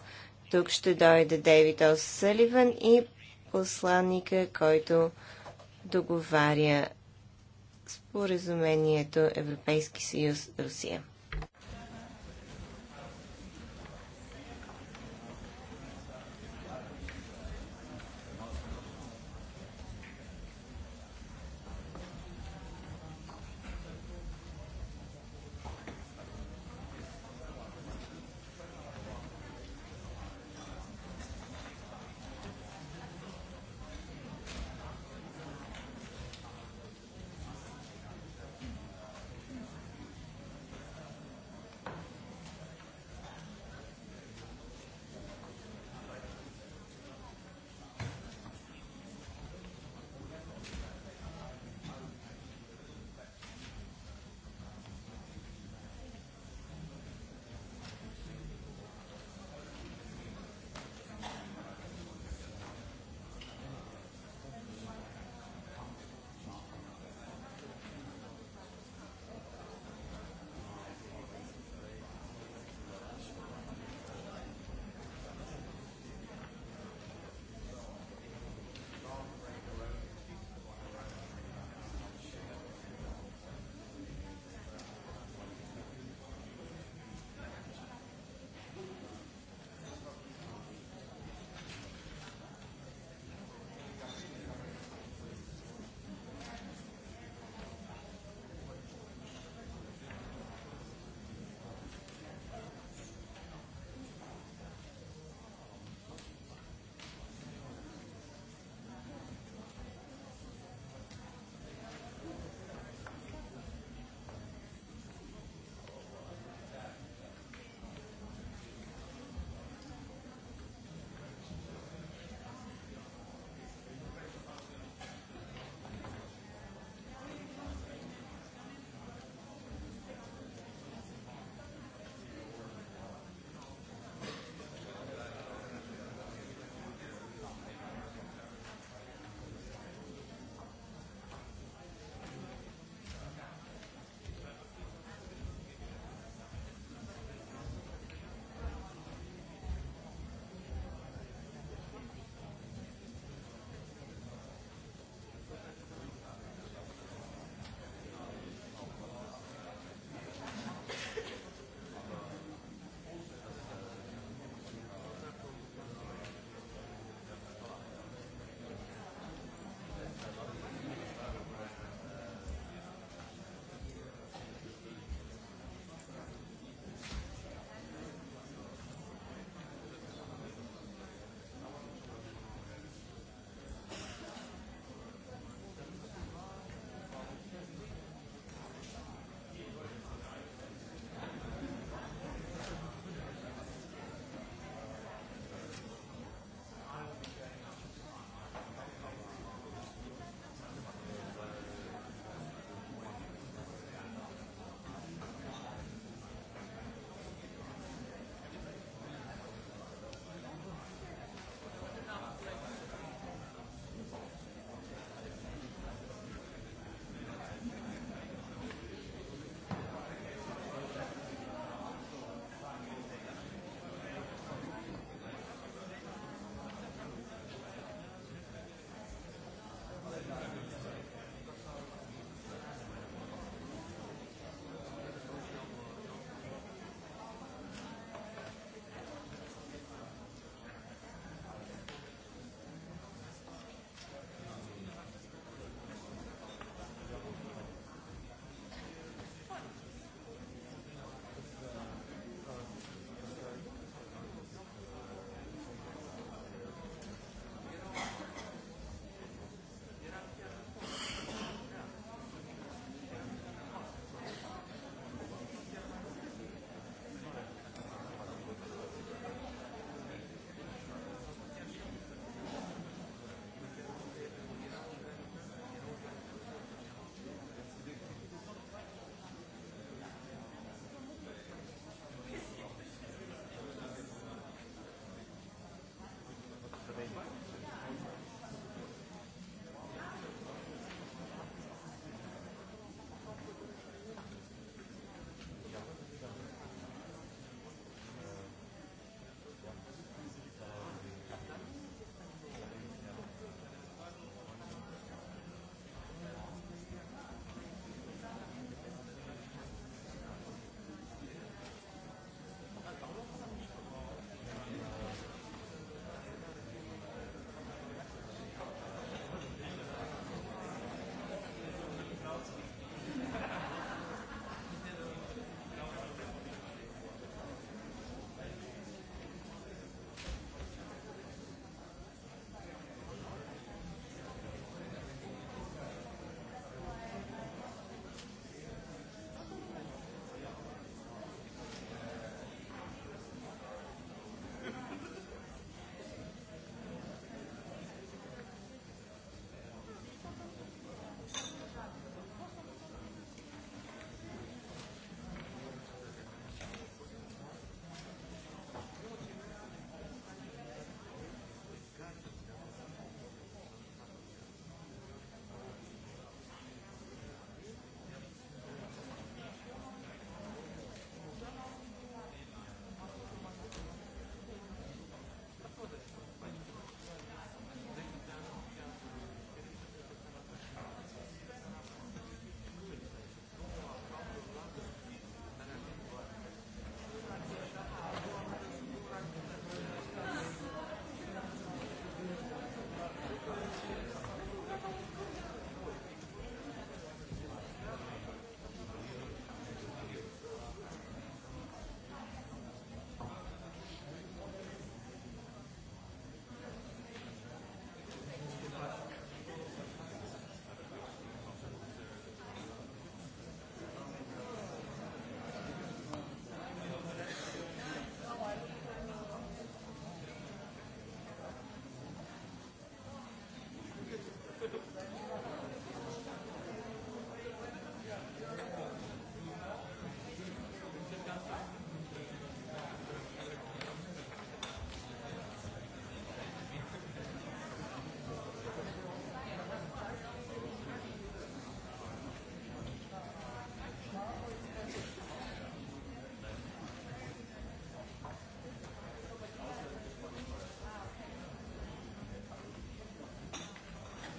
тук ще дойде Дейвид О. Съливан и посланника, който договаря споразумението Европейски съюз Русия.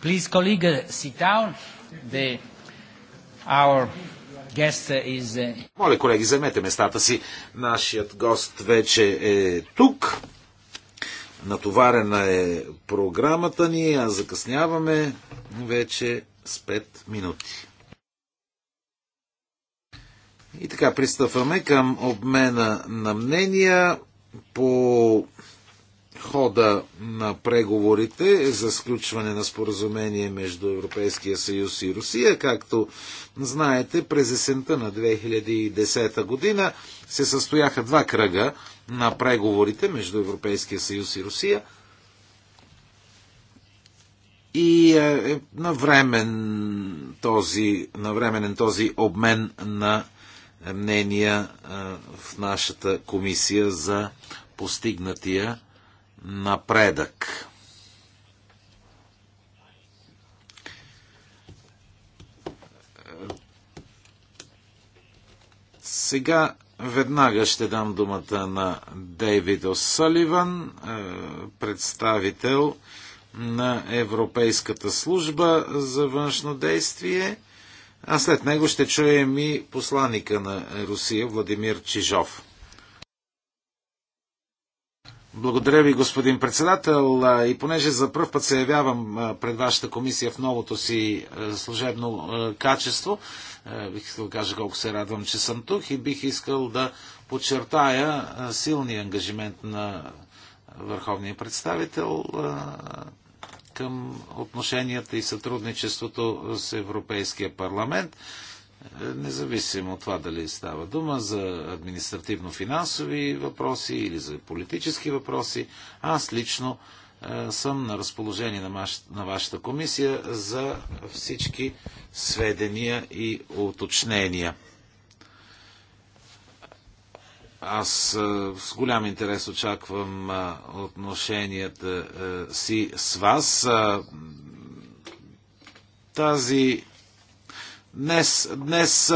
Please, colleague, uh, sit down. The, our guest is... Uh... Моля, колеги, вземете местата си. Нашият гост вече е тук. Натоварена е програмата ни, а закъсняваме вече с 5 минути. И така, пристъпваме към обмена на мнения по хода на преговорите за сключване на споразумение между Европейския съюз и Русия. Както знаете, през есента на 2010 година се състояха два кръга на преговорите между Европейския съюз и Русия. И е, е навремен този, навременен този обмен на мнения е, в нашата комисия за постигнатия напредък. Сега веднага ще дам думата на Дейвид О'Саливан, е, представител на Европейската служба за външно действие, а след него ще чуем и посланика на Русия Владимир Чижов. Благодаря ви, господин председател. И понеже за първ път се явявам пред вашата комисия в новото си служебно качество, бих искал да кажа колко се радвам, че съм тук и бих искал да подчертая силния ангажимент на върховния представител към отношенията и сътрудничеството с Европейския парламент независимо от това дали става дума за административно-финансови въпроси или за политически въпроси, аз лично е, съм на разположение на, вашата комисия за всички сведения и уточнения. Аз е, с голям интерес очаквам е, отношенията си с вас. Тази Днес, днес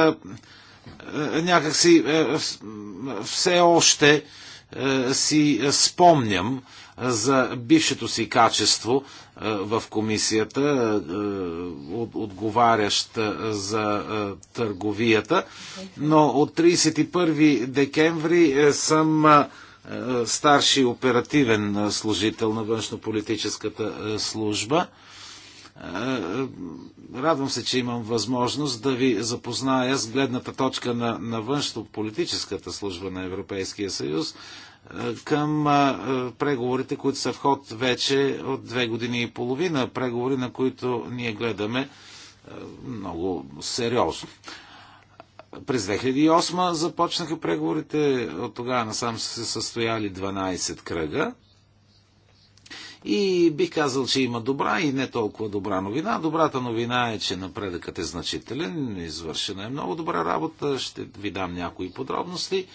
някакси все още си спомням за бившето си качество в комисията, отговарящ за търговията, но от 31 декември съм старши оперативен служител на външнополитическата служба. Е, е, радвам се, че имам възможност да ви запозная с гледната точка на, на външно-политическата служба на Европейския съюз е, към преговорите, които са в ход вече от две години и половина, преговори, на които ние гледаме много сериозно. През 2008 започнаха преговорите, от тогава насам са се състояли 12 кръга и бих казал, че има добра и не толкова добра новина. Добрата новина е, че напредъкът е значителен, извършена е много добра работа, ще ви дам някои подробности.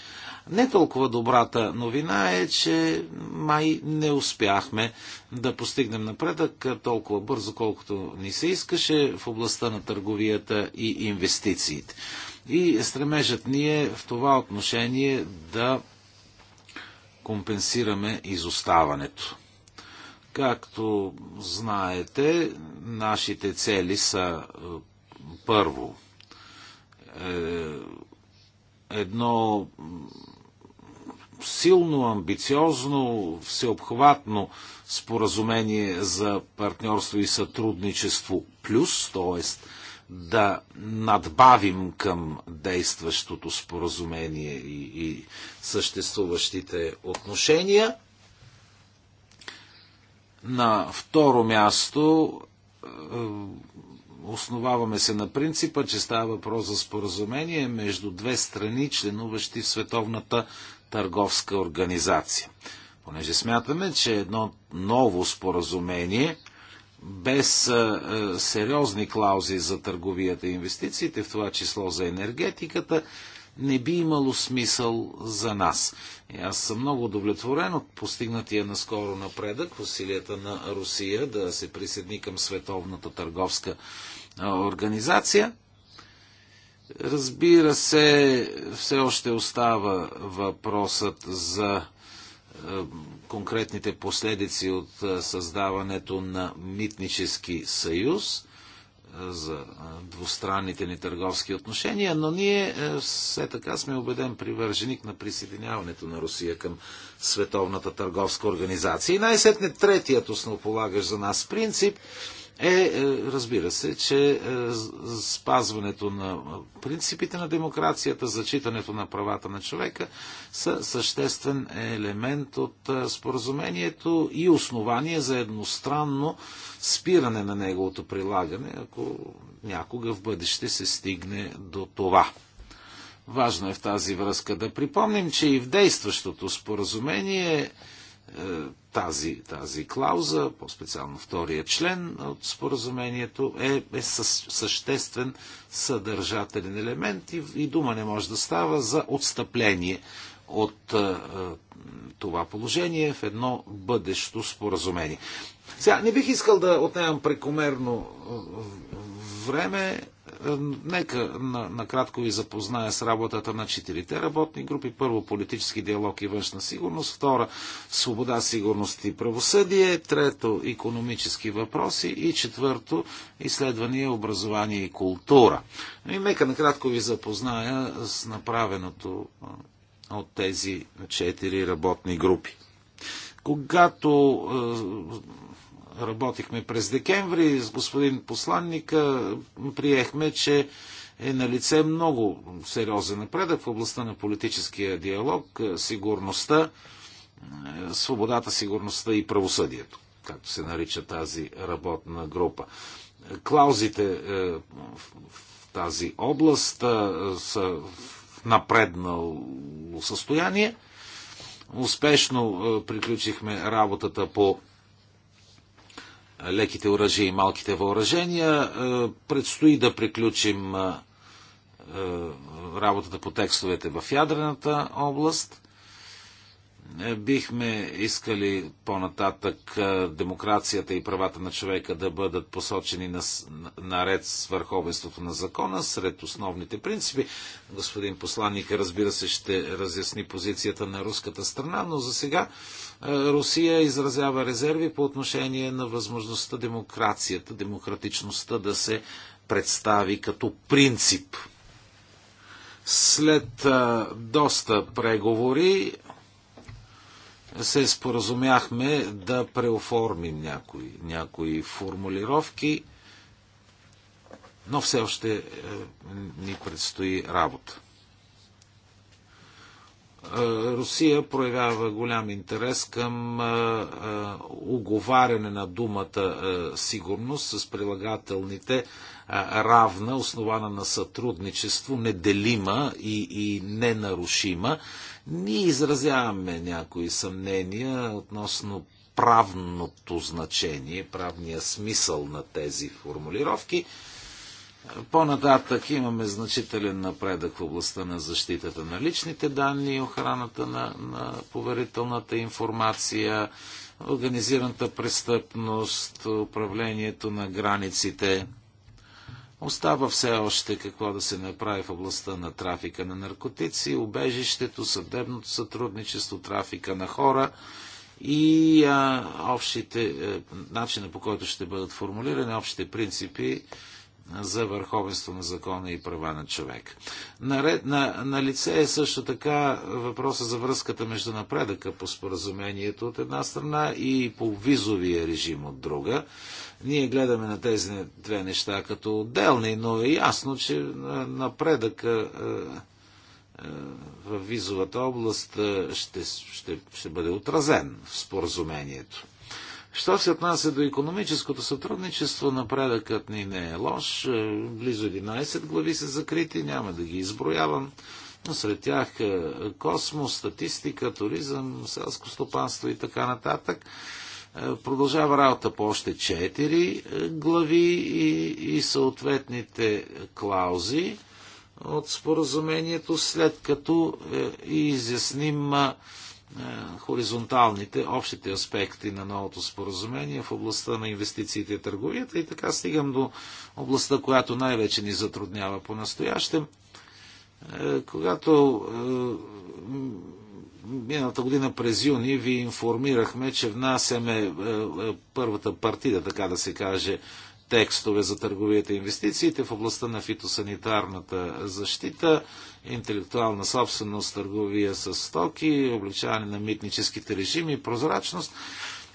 Не толкова добрата новина е, че май не успяхме да постигнем напредък толкова бързо, колкото ни се искаше в областта на търговията и инвестициите. И стремежът ни е в това отношение да компенсираме изоставането. Както знаете, нашите цели са е, първо е, едно силно, амбициозно, всеобхватно споразумение за партньорство и сътрудничество плюс, т.е. да надбавим към действащото споразумение и, и съществуващите отношения – на второ място е, основаваме се на принципа, че става въпрос за споразумение между две страни, членуващи в Световната търговска организация. Понеже смятаме, че едно ново споразумение без е, е, сериозни клаузи за търговията и инвестициите, в това число за енергетиката, не би имало смисъл за нас. И аз съм много удовлетворен от постигнатия наскоро напредък в усилията на Русия да се присъедини към Световната търговска организация. Разбира се, все още остава въпросът за конкретните последици от създаването на митнически съюз за двустранните ни търговски отношения, но ние е, все така сме убеден привърженик на присъединяването на Русия към Световната търговска организация. И най-сетне третият основополагаш за нас принцип е, е, разбира се, че е, спазването на принципите на демокрацията, зачитането на правата на човека са съществен елемент от е, споразумението и основание за едностранно спиране на неговото прилагане, ако някога в бъдеще се стигне до това. Важно е в тази връзка да припомним, че и в действащото споразумение тази, тази клауза, по-специално втория член от споразумението, е, е съществен съдържателен елемент и, и дума не може да става за отстъпление от а, е, е, това положение в едно бъдещо споразумение. Сега, не бих искал да отнемам прекомерно е, време. Е, нека накратко ви запозная с работата на четирите работни групи. Първо политически диалог и външна сигурност. Втора свобода, сигурност и правосъдие. Трето економически въпроси. И четвърто изследвания, образование и култура. И нека накратко ви запозная с направеното от тези четири работни групи. Когато работихме през декември с господин посланника, приехме, че е на лице много сериозен напредък в областта на политическия диалог, е, сигурността, е, свободата, сигурността и правосъдието, както се нарича тази работна група. Клаузите е, в тази област са в напреднало състояние. Успешно приключихме работата по леките оръжия и малките въоръжения. Е, предстои да приключим е, е, работата по текстовете в ядрената област. Бихме искали по-нататък демокрацията и правата на човека да бъдат посочени на, наред с върховенството на закона, сред основните принципи. Господин посланник, разбира се, ще разясни позицията на руската страна, но за сега Русия изразява резерви по отношение на възможността демокрацията, демократичността да се представи като принцип. След доста преговори се споразумяхме да преоформим някои, някои формулировки, но все още е, ни предстои работа. Русия проявява голям интерес към оговаряне на думата сигурност с прилагателните равна, основана на сътрудничество, неделима и, и ненарушима. Ние изразяваме някои съмнения относно правното значение, правния смисъл на тези формулировки. По-нататък имаме значителен напредък в областта на защитата на личните данни и охраната на, на поверителната информация, организираната престъпност, управлението на границите. Остава все още какво да се направи в областта на трафика на наркотици, убежището, съдебното сътрудничество, трафика на хора и а, общите, а, е, начина по който ще бъдат формулирани общите принципи за върховенство на закона и права на човек. Наред, на, на лице е също така въпроса за връзката между напредъка по споразумението от една страна и по визовия режим от друга. Ние гледаме на тези две неща като отделни, но е ясно, че напредъка е, е, в визовата област е, ще, ще, ще бъде отразен в споразумението. Що се отнася до економическото сътрудничество, напредъкът ни не е лош. Е, близо 11 глави са закрити, няма да ги изброявам. Но сред тях е, космос, статистика, туризъм, селско стопанство и така нататък. Е, продължава работа по още 4 глави и, и съответните клаузи от споразумението, след като изясним е, хоризонталните, общите аспекти на новото споразумение в областта на инвестициите и търговията. И така стигам до областта, която най-вече ни затруднява по-настоящем. Е, когато е, миналата година през юни ви информирахме, че внасяме първата партида, така да се каже, текстове за търговията и инвестициите в областта на фитосанитарната защита, интелектуална собственост, търговия с стоки, обличаване на митническите режими, прозрачност.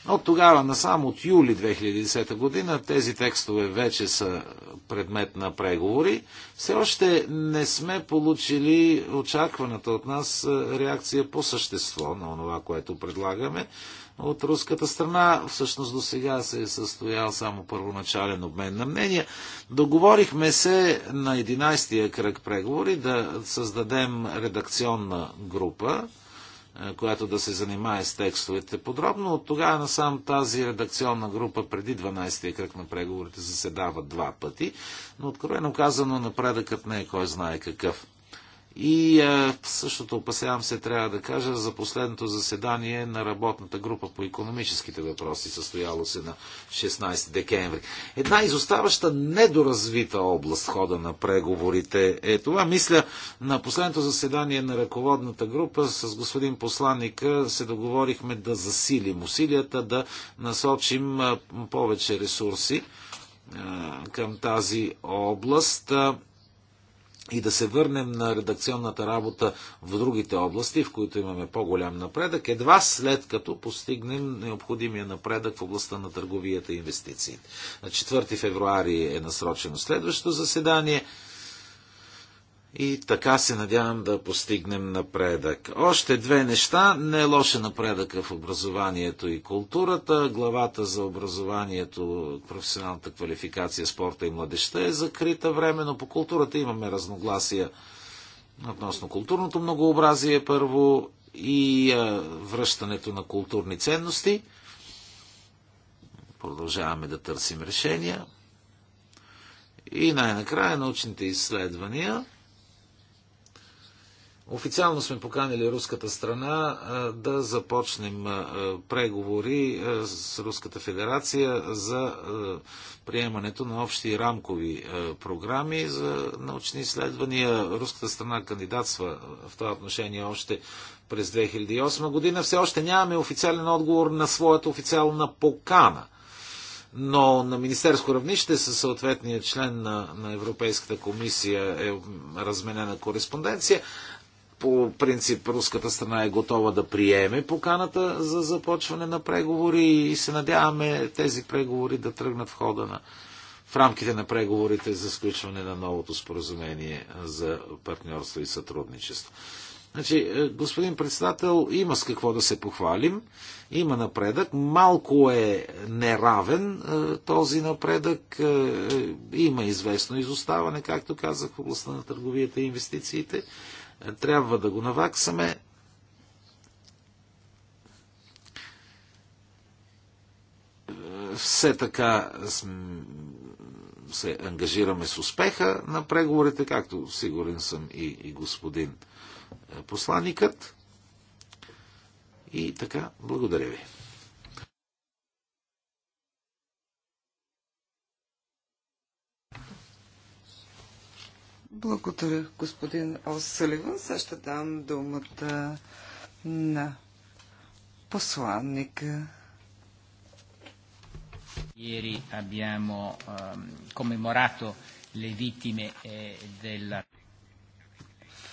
От тогава насам, от юли 2010 година, тези текстове вече са предмет на преговори. Все още не сме получили очакваната от нас реакция по същество на това, което предлагаме от руската страна. Всъщност до сега се е състоял само първоначален обмен на мнения. Договорихме се на 11-я кръг преговори да създадем редакционна група, е, която да се занимае с текстовете подробно. От тогава насам тази редакционна група преди 12-я кръг на преговорите заседава два пъти, но откровено казано напредъкът не е кой знае какъв. И а, същото, опасявам се, трябва да кажа, за последното заседание на работната група по економическите въпроси, състояло се на 16 декември. Една изоставаща недоразвита област в хода на преговорите е това. Мисля, на последното заседание на ръководната група с господин посланника се договорихме да засилим усилията, да насочим повече ресурси към тази област и да се върнем на редакционната работа в другите области, в които имаме по-голям напредък, едва след като постигнем необходимия напредък в областта на търговията и инвестициите. На 4 февруари е насрочено следващото заседание. И така се надявам да постигнем напредък. Още две неща. Не е лоша напредъка в образованието и културата. Главата за образованието, професионалната квалификация, спорта и младеща е закрита временно. По културата имаме разногласия относно културното многообразие първо и връщането на културни ценности. Продължаваме да търсим решения. И най-накрая научните изследвания – Официално сме поканили руската страна да започнем преговори с Руската федерация за приемането на общи рамкови програми за научни изследвания. Руската страна кандидатства в това отношение още през 2008 година. Все още нямаме официален отговор на своята официална покана но на министерско равнище със съответния член на, на Европейската комисия е разменена кореспонденция по принцип руската страна е готова да приеме поканата за започване на преговори и се надяваме тези преговори да тръгнат в хода на в рамките на преговорите за сключване на новото споразумение за партньорство и сътрудничество. Значи, е, господин председател, има с какво да се похвалим, има напредък, малко е неравен е, този напредък, е, има известно изоставане, както казах, в областта на търговията и инвестициите. Трябва да го наваксаме. Все така се ангажираме с успеха на преговорите, както сигурен съм и, и господин е, посланникът. И така, благодаря ви. Благодаря, господин Осъливан. Сега ще дам думата на посланника. Ieri abbiamo um, commemorato le vittime eh, della...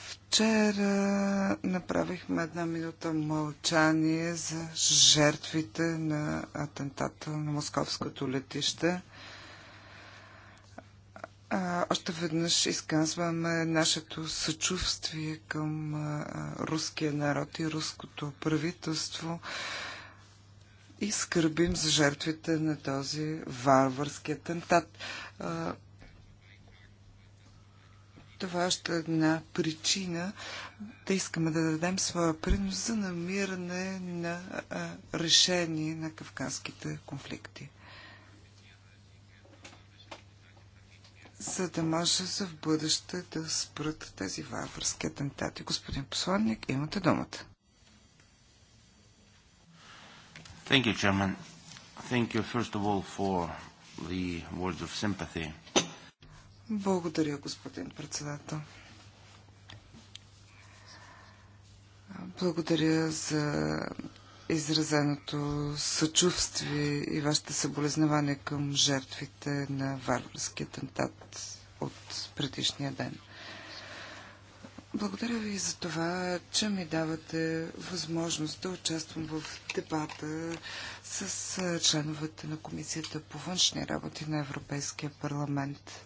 Вчера направихме една минута мълчание за жертвите на атентата на московското летище. А, още веднъж изказваме нашето съчувствие към а, руския народ и руското правителство и скърбим за жертвите на този варварски атентат. А, това е още една причина да искаме да дадем своя принос за намиране на а, решение на кавказските конфликти. за да може за в бъдеще да спрат тези варварски атентати. Господин посланник, имате думата. Thank you, Chairman. Thank you, first of all, for the words of sympathy. Благодаря, господин председател. Благодаря за изразеното съчувствие и вашите съболезнования към жертвите на варварския атентат от предишния ден. Благодаря ви за това, че ми давате възможност да участвам в дебата с членовете на Комисията по външни работи на Европейския парламент.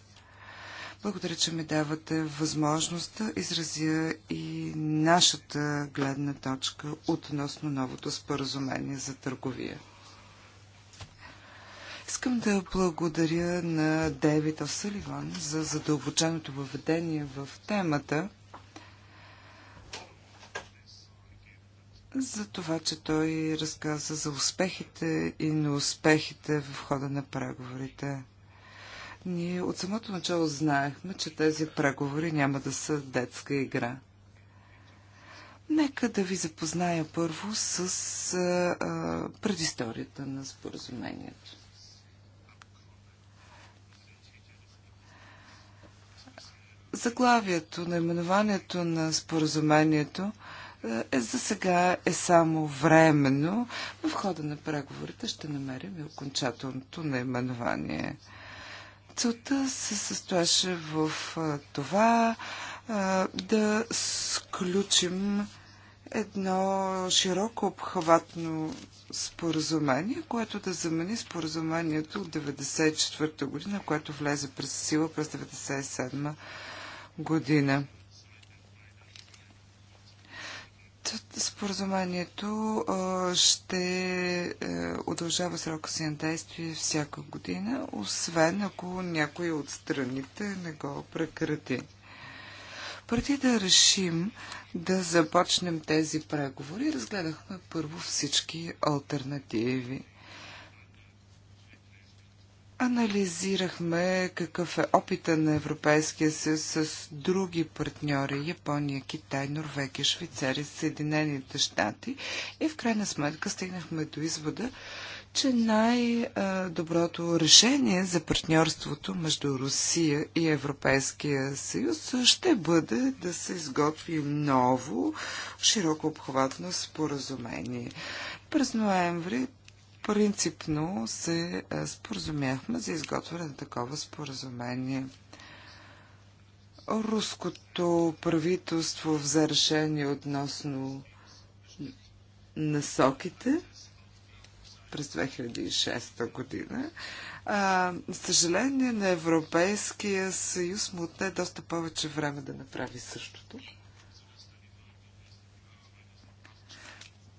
Благодаря, че ми давате възможност да изразя и нашата гледна точка относно новото споразумение за търговия. Искам да благодаря на Дейвид Осаливан за задълбоченото въведение в темата, за това, че той разказа за успехите и неуспехите в хода на преговорите. Ние от самото начало знаехме, че тези преговори няма да са детска игра. Нека да ви запозная първо с а, а, предисторията на споразумението. Заглавието, наименованието на споразумението е за сега е само временно. В хода на преговорите ще намерим и окончателното наименование. Целта се състояше в това да сключим едно широко обхватно споразумение, което да замени споразумението от 1994 година, което влезе през сила през 1997 година. Споразумението ще е, удължава срока си на действие всяка година, освен ако някой от страните не го прекрати. Преди да решим да започнем тези преговори, разгледахме първо всички альтернативи. Анализирахме какъв е опита на Европейския съюз с други партньори Япония, Китай, Норвегия, Швейцария, Съединените щати и в крайна сметка стигнахме до извода, че най-доброто решение за партньорството между Русия и Европейския съюз ще бъде да се изготви ново широко обхватно споразумение. През ноември принципно се е, споразумяхме за изготвяне на такова споразумение. Руското правителство взе решение относно насоките през 2006 година. А, съжаление на Европейския съюз му отне доста повече време да направи същото.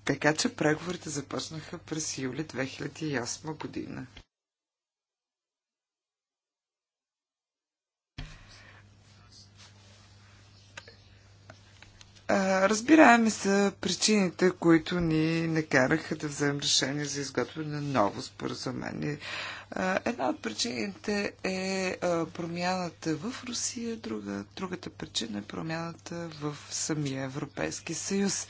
Така че преговорите започнаха през юли 2008 година. Разбираеме са причините, които ни накараха да вземем решение за изготвяне на ново споразумение. Една от причините е промяната в Русия, друга, другата причина е промяната в самия Европейски съюз.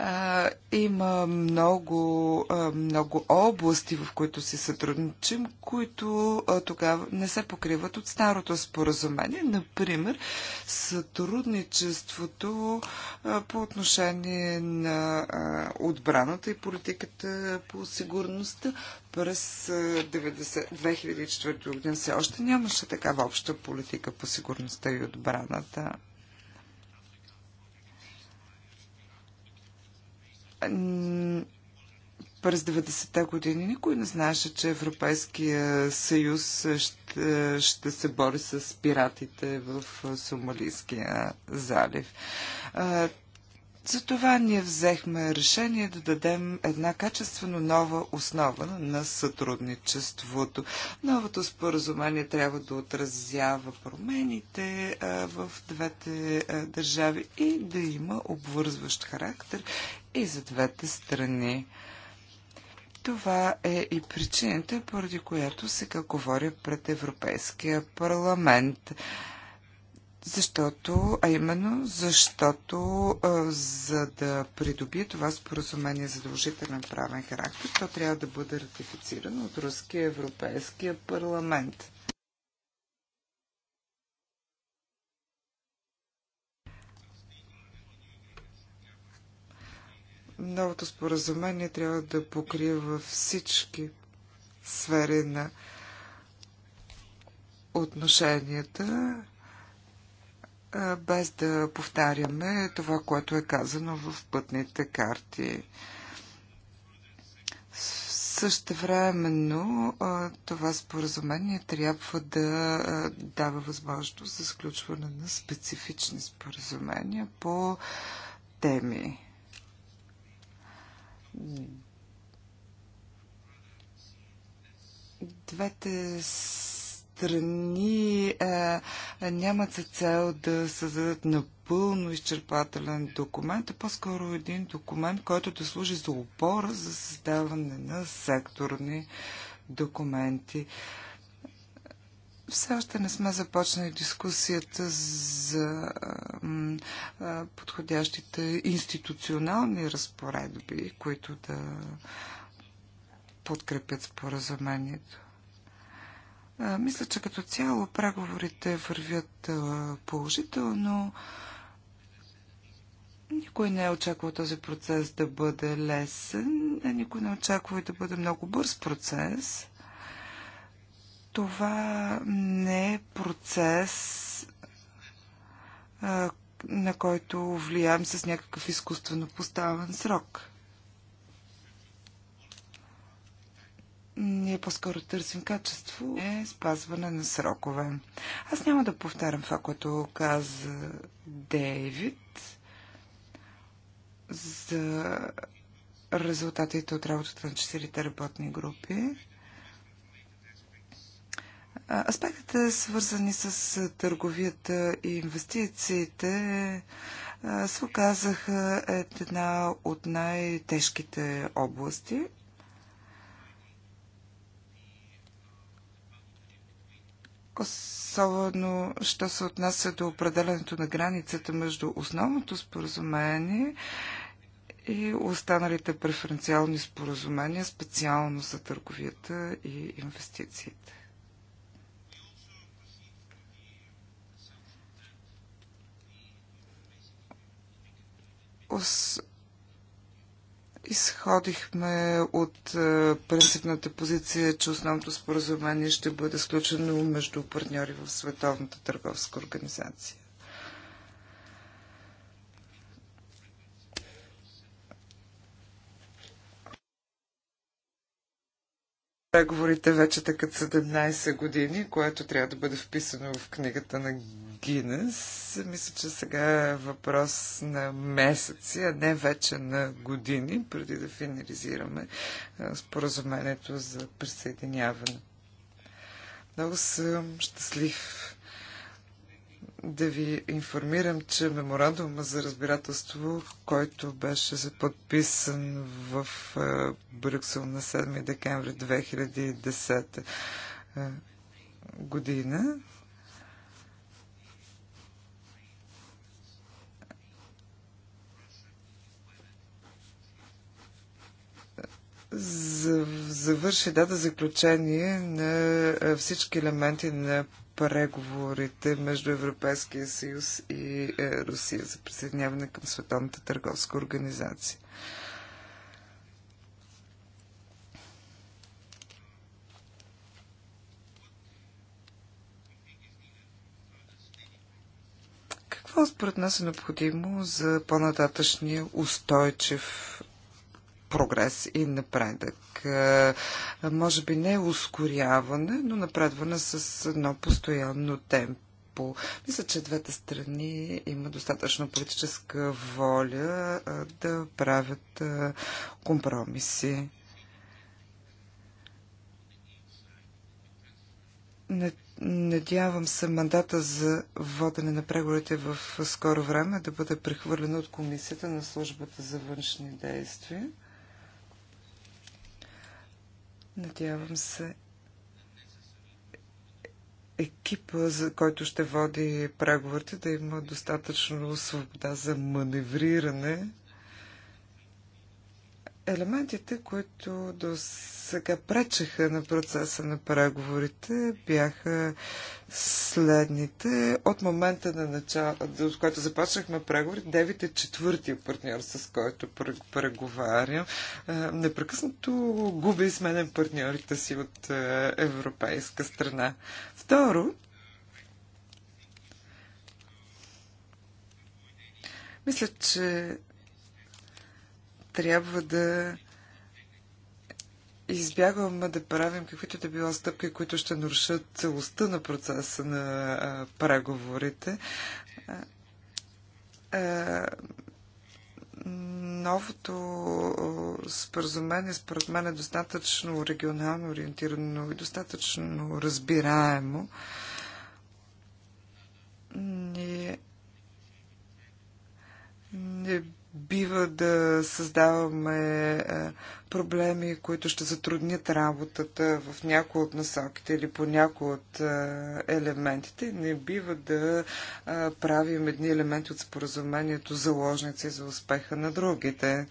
А, има много, а, много области, в които си сътрудничим, които а, тогава не се покриват от старото споразумение. Например, сътрудничеството а, по отношение на а, отбраната и политиката по сигурността през 90, 2004 година все още нямаше такава обща политика по сигурността и отбраната. през 90-те години никой не знаеше, че Европейския съюз ще, ще се бори с пиратите в Сомалийския залив. Затова ние взехме решение да дадем една качествено нова основа на сътрудничеството. Новото споразумение трябва да отразява промените в двете държави и да има обвързващ характер и за двете страни. Това е и причината, поради която сега говоря пред Европейския парламент. Защото, а именно, защото а, за да придобие това споразумение задължителен правен характер, то трябва да бъде ратифицирано от Руския Европейския парламент. Новото споразумение трябва да покрие във всички сфери на отношенията без да повтаряме това, което е казано в пътните карти. Също времено това споразумение трябва да дава възможност за сключване на специфични споразумения по теми. Двете страни а, е, нямат за цел да създадат напълно изчерпателен документ, а по-скоро един документ, който да служи за опора за създаване на секторни документи. Все още не сме започнали дискусията за е, е, подходящите институционални разпоредби, които да подкрепят споразумението. Мисля, че като цяло преговорите вървят положително. Никой не е очаквал този процес да бъде лесен, а никой не очаква и да бъде много бърз процес. Това не е процес, на който влияем с някакъв изкуствено поставен срок. Ние по-скоро търсим качество, е спазване на срокове. Аз няма да повтарям това, което каза Дейвид за резултатите от работата на четирите работни групи. Аспектите, свързани с търговията и инвестициите, се оказаха една от най-тежките области. особено що се отнася до определенето на границата между основното споразумение и останалите преференциални споразумения, специално за търговията и инвестициите. Ос, Изходихме от е, принципната позиция, че основното споразумение ще бъде сключено между партньори в Световната търговска организация. Преговорите вече така 17 години, което трябва да бъде вписано в книгата на Гинес. Мисля, че сега е въпрос на месеци, а не вече на години, преди да финализираме споразумението за присъединяване. Много съм щастлив да ви информирам, че меморандума за разбирателство, който беше подписан в е, Брюксел на 7 декември 2010 е, година, завърши дата заключение на е, всички елементи на преговорите между Европейския съюз и е, Русия за присъединяване към Световната търговска организация. Какво според нас е необходимо за по-нататъчния устойчив прогрес и напредък. Е, може би не ускоряване, но напредване с едно постоянно темпо Мисля, че двете страни има достатъчно политическа воля е, да правят е, компромиси. Надявам се мандата за водене на преговорите в скоро време да бъде прехвърлена от Комисията на службата за външни действия. Надявам се екипа, за който ще води преговорите, да има достатъчно свобода за маневриране елементите, които до сега пречеха на процеса на преговорите, бяха следните. От момента на начало, от който започнахме преговори, Девите е четвъртия партньор, с който преговарям. Е, непрекъснато губя и сменям партньорите си от е, европейска страна. Второ, мисля, че трябва да избягваме да правим каквито да било стъпки, които ще нарушат целостта на процеса на а, преговорите. А, а, новото споразумение, според мен, е достатъчно регионално ориентирано и достатъчно разбираемо. Не, не бива да създаваме е, проблеми, които ще затруднят работата в някои от насоките или по някои от е, елементите. Не бива да е, правим едни елементи от споразумението заложници за успеха на другите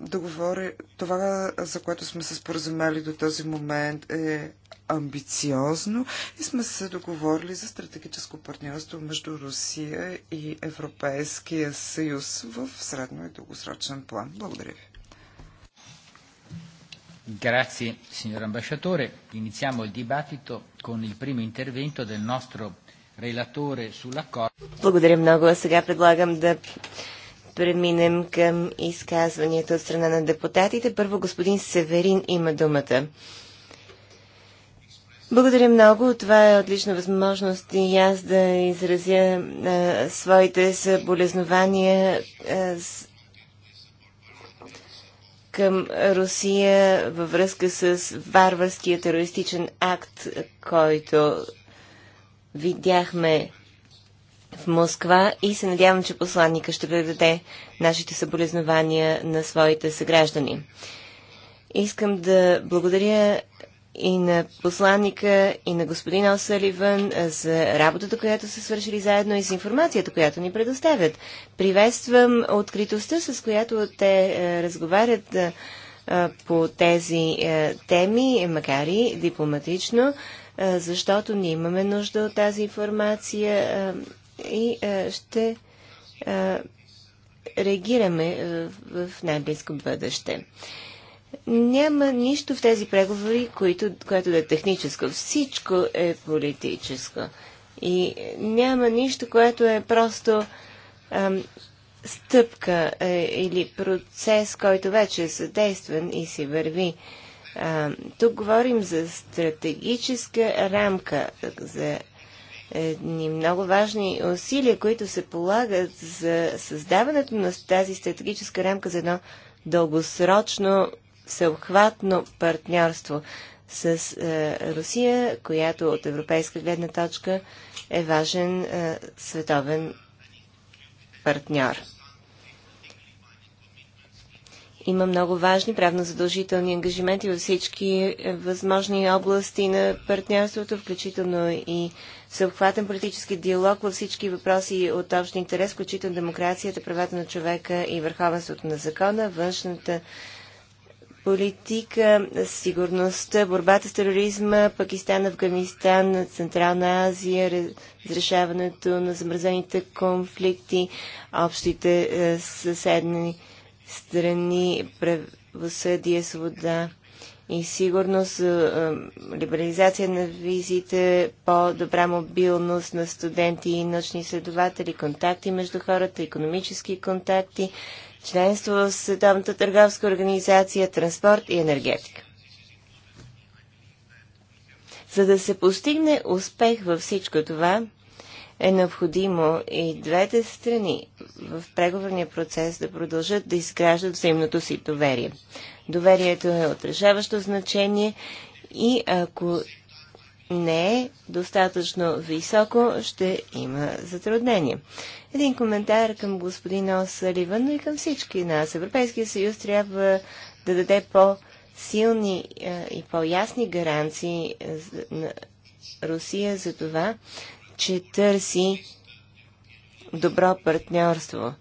договори, това, за което сме се споразумели до този момент е амбициозно и сме се договорили за стратегическо партньорство между Русия и Европейския съюз в средно и дългосрочен план. Благодаря ви. Grazie signor ambasciatore. Iniziamo il dibattito con il primo intervento del nostro relatore sull'accordo. Благодаря много. сега предлагам да преминем към изказванията от страна на депутатите. Първо господин Северин има думата. Благодаря много. Това е отлична възможност и аз да изразя а, своите съболезнования към Русия във връзка с варварския терористичен акт, който видяхме в Москва и се надявам, че посланника ще предаде нашите съболезнования на своите съграждани. Искам да благодаря и на посланника, и на господин Осаливан за работата, която са свършили заедно и за информацията, която ни предоставят. Приветствам откритостта, с която те е, разговарят е, е, по тези теми, макар и дипломатично, защото ние имаме нужда от тази информация и е, ще е, реагираме е, в най-близко бъдеще. Няма нищо в тези преговори, което, което да е техническо. Всичко е политическо. И няма нищо, което е просто ам, стъпка е, или процес, който вече е съдействан и си върви. А, тук говорим за стратегическа рамка, за едни много важни усилия, които се полагат за създаването на тази стратегическа рамка за едно дългосрочно, всеобхватно партньорство с е, Русия, която от европейска гледна точка е важен е, световен партньор има много важни правно задължителни ангажименти във всички е, възможни области на партньорството, включително и съобхватен политически диалог във всички въпроси от общ интерес, включително демокрацията, правата на човека и върховенството на закона, външната политика, сигурността, борбата с тероризма, Пакистан, Афганистан, Централна Азия, разрешаването на замразените конфликти, общите е, съседни страни правосъдие, свобода и сигурност, либерализация на визите, по-добра мобилност на студенти и научни изследователи, контакти между хората, економически контакти, членство в Световната търговска организация, транспорт и енергетика. За да се постигне успех във всичко това, е необходимо и двете страни в преговорния процес да продължат да изграждат взаимното си доверие. Доверието е отражаващо значение и ако не е достатъчно високо, ще има затруднения. Един коментар към господин Осаливан, но и към всички нас. Европейския съюз трябва да даде по-силни и по-ясни гаранции на Русия за това, че търси добро партньорство.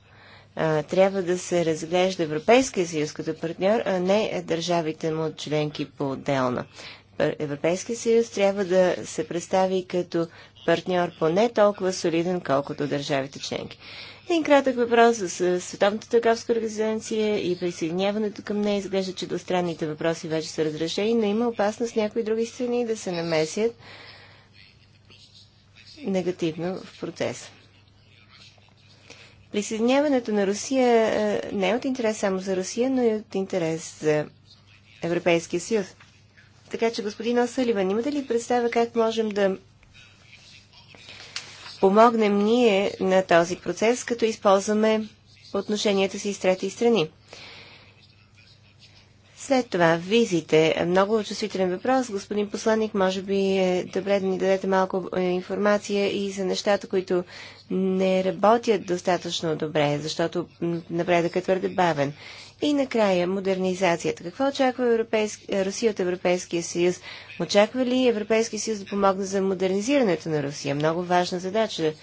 трябва да се разглежда Европейския съюз като партньор, а не държавите му членки по-отделно. Европейския съюз трябва да се представи като партньор поне толкова солиден, колкото държавите членки. Един кратък въпрос с Световната търговска организация и присъединяването към нея. Изглежда, че двустранните въпроси вече са разрешени, но има опасност някои други страни да се намесят негативно в процеса. Присъединяването на Русия е, не е от интерес само за Русия, но и от интерес за Европейския съюз. Така че, господин Осаливан, имате ли представа как можем да помогнем ние на този процес, като използваме отношенията си с трети страни? След това, визите. Много е чувствителен въпрос. Господин посланник, може би е добре да ни дадете малко е, информация и за нещата, които не работят достатъчно добре, защото напредъкът е твърде бавен. И накрая, модернизацията. Какво очаква Европейски... Е, Русия от Европейския съюз? Очаква ли Европейския съюз да помогне за модернизирането на Русия? Много важна задача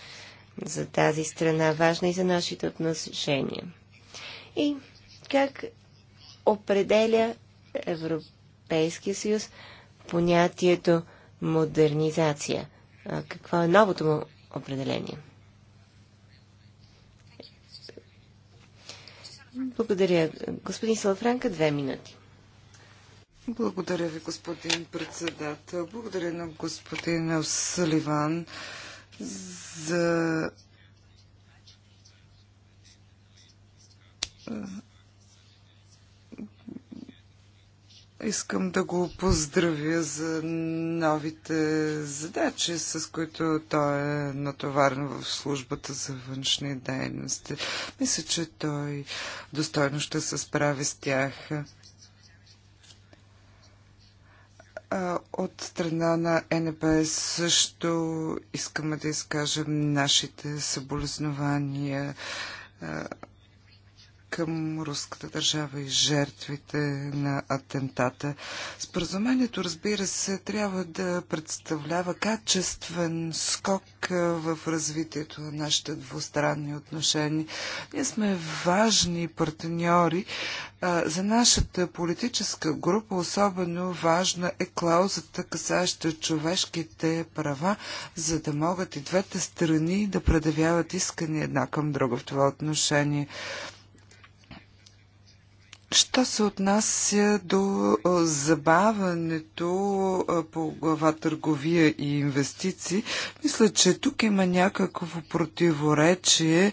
за тази страна, важна и за нашите отношения. И как определя Европейския съюз понятието модернизация. Какво е новото му определение? Благодаря. Господин Салафранка, две минути. Благодаря ви, господин председател. Благодаря на господин Саливан за Искам да го поздравя за новите задачи, с които той е натоварен в службата за външни дейности. Мисля, че той достойно ще се справи с тях. От страна на НПС също искаме да изкажем нашите съболезнования към руската държава и жертвите на атентата. Споразумението, разбира се, трябва да представлява качествен скок в развитието на нашите двустранни отношения. Ние сме важни партньори. За нашата политическа група особено важна е клаузата, касаща човешките права, за да могат и двете страни да предявяват искания една към друга в това отношение. Що се отнася до забаването по глава търговия и инвестиции, мисля, че тук има някакво противоречие,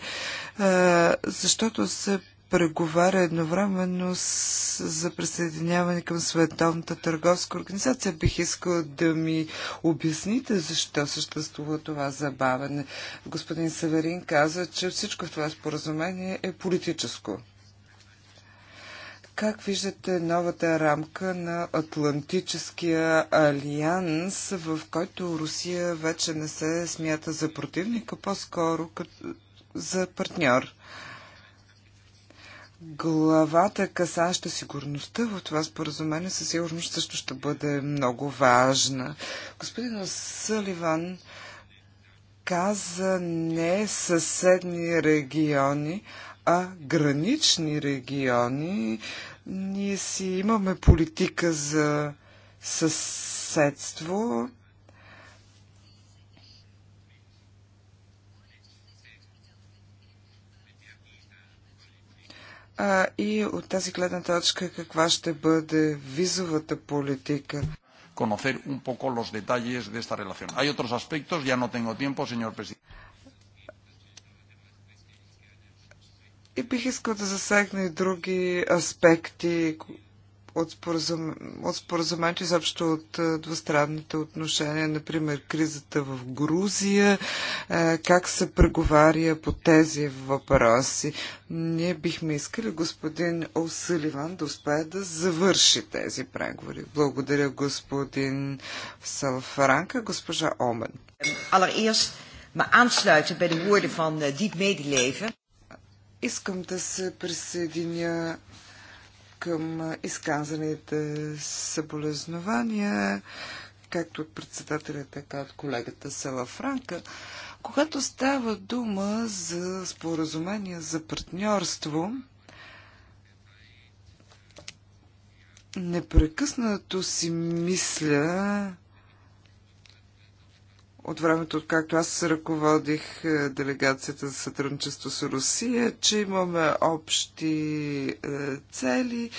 защото се преговаря едновременно с, за присъединяване към Световната търговска организация. Бих искал да ми обясните защо съществува това забавене. Господин Северин каза, че всичко в това споразумение е политическо. Как виждате новата рамка на Атлантическия алианс, в който Русия вече не се смята за противника, по-скоро за партньор? Главата, касаща сигурността в това споразумение, със сигурност също ще бъде много важна. Господин Саливан каза не съседни региони, а гранични региони, ние си имаме политика за съседство. А, и от тази гледна точка каква ще бъде визовата политика? conocer un poco los detalles de esta relación. Hay otros aspectos, ya no tengo tiempo, señor presidente. И бих искал да засегна и други аспекти от, споразум... от споразумението, изобщо от двустранните отношения, например кризата в Грузия, как се преговаря по тези въпроси. Ние бихме искали господин Осъливан да успее да завърши тези преговори. Благодаря господин Салфранка, госпожа Омен. Allereerst me aansluiten bij de woorden van eh, diep medeleven. Искам да се присъединя към изказаните съболезнования, както от председателя, така от колегата Села Франка. Когато става дума за споразумение за партньорство, непрекъснато си мисля от времето, откакто аз ръководих е, делегацията за сътрудничество с Русия, че имаме общи е, цели, е,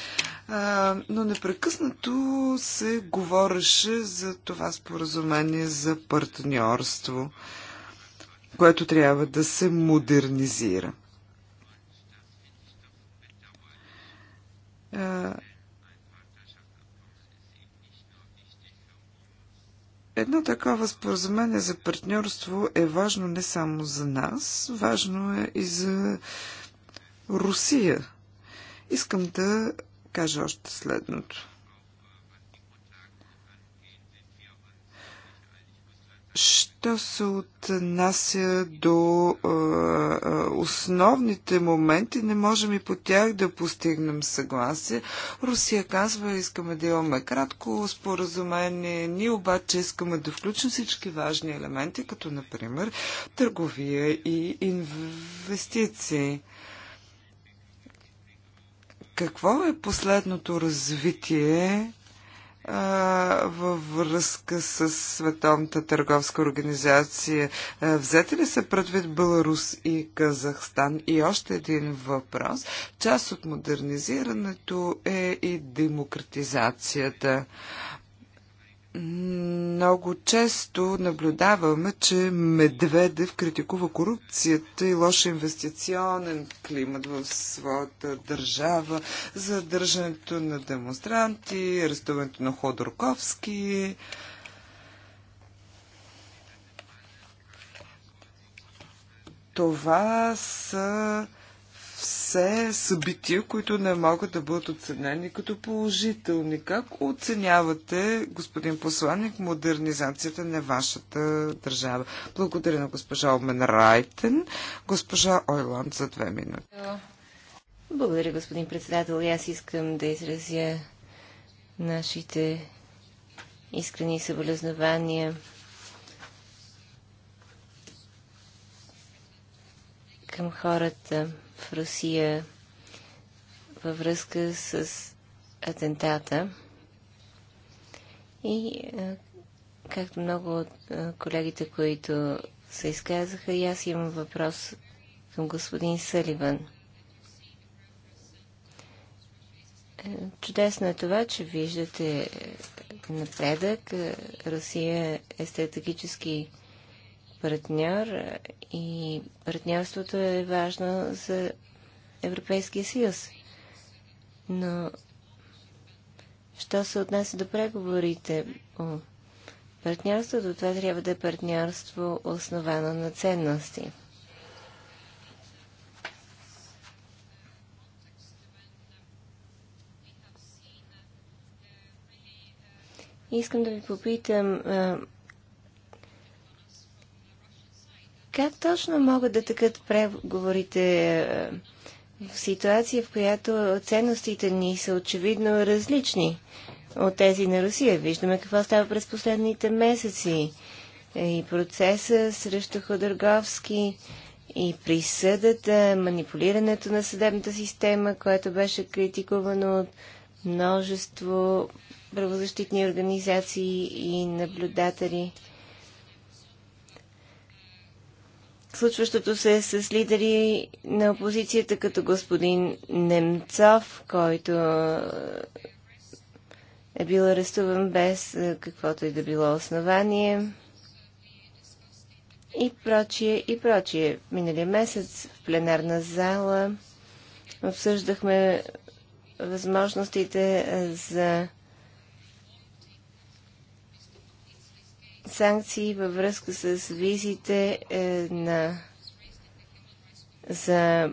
но непрекъснато се говореше за това споразумение за партньорство, което трябва да се модернизира. Едно такова споразумение за партньорство е важно не само за нас, важно е и за Русия. Искам да кажа още следното. Що се отнася до а, основните моменти, не можем и по тях да постигнем съгласие. Русия казва, искаме да имаме кратко споразумение, ние обаче искаме да включим всички важни елементи, като например търговия и инвестиции. Какво е последното развитие във връзка с Световната търговска организация. Взете ли се предвид Беларус и Казахстан? И още един въпрос. Част от модернизирането е и демократизацията. Много често наблюдаваме, че Медведев критикува корупцията и лош инвестиционен климат в своята държава, задържането на демонстранти, арестуването на Ходорковски. Това са все събития, които не могат да бъдат оценени като положителни. Как оценявате, господин посланник, модернизацията на вашата държава? Благодаря на госпожа Омен Райтен. Госпожа Ойланд за две минути. Благодаря, господин председател. И аз искам да изразя нашите искрени съболезнования към хората в Русия във връзка с атентата. И както много от колегите, които се изказаха, и аз имам въпрос към господин Съливан. Е, чудесно е това, че виждате напредък. Е, Русия е стратегически партньор и партньорството е важно за Европейския съюз. Но, що се отнася до преговорите о партньорството, това трябва да е партньорство основано на ценности. Искам да ви попитам, Как точно могат да такът преговорите е, в ситуация, в която ценностите ни са очевидно различни от тези на Русия? Виждаме какво става през последните месеци. Е, и процеса срещу Ходорговски, и присъдата, манипулирането на съдебната система, което беше критикувано от множество правозащитни организации и наблюдатели. случващото се с лидери на опозицията, като господин Немцов, който е, е бил арестуван без е, каквото и да било основание и прочие, и прочие. Миналия месец в пленарна зала обсъждахме възможностите е, за санкции във връзка с визите е, на, за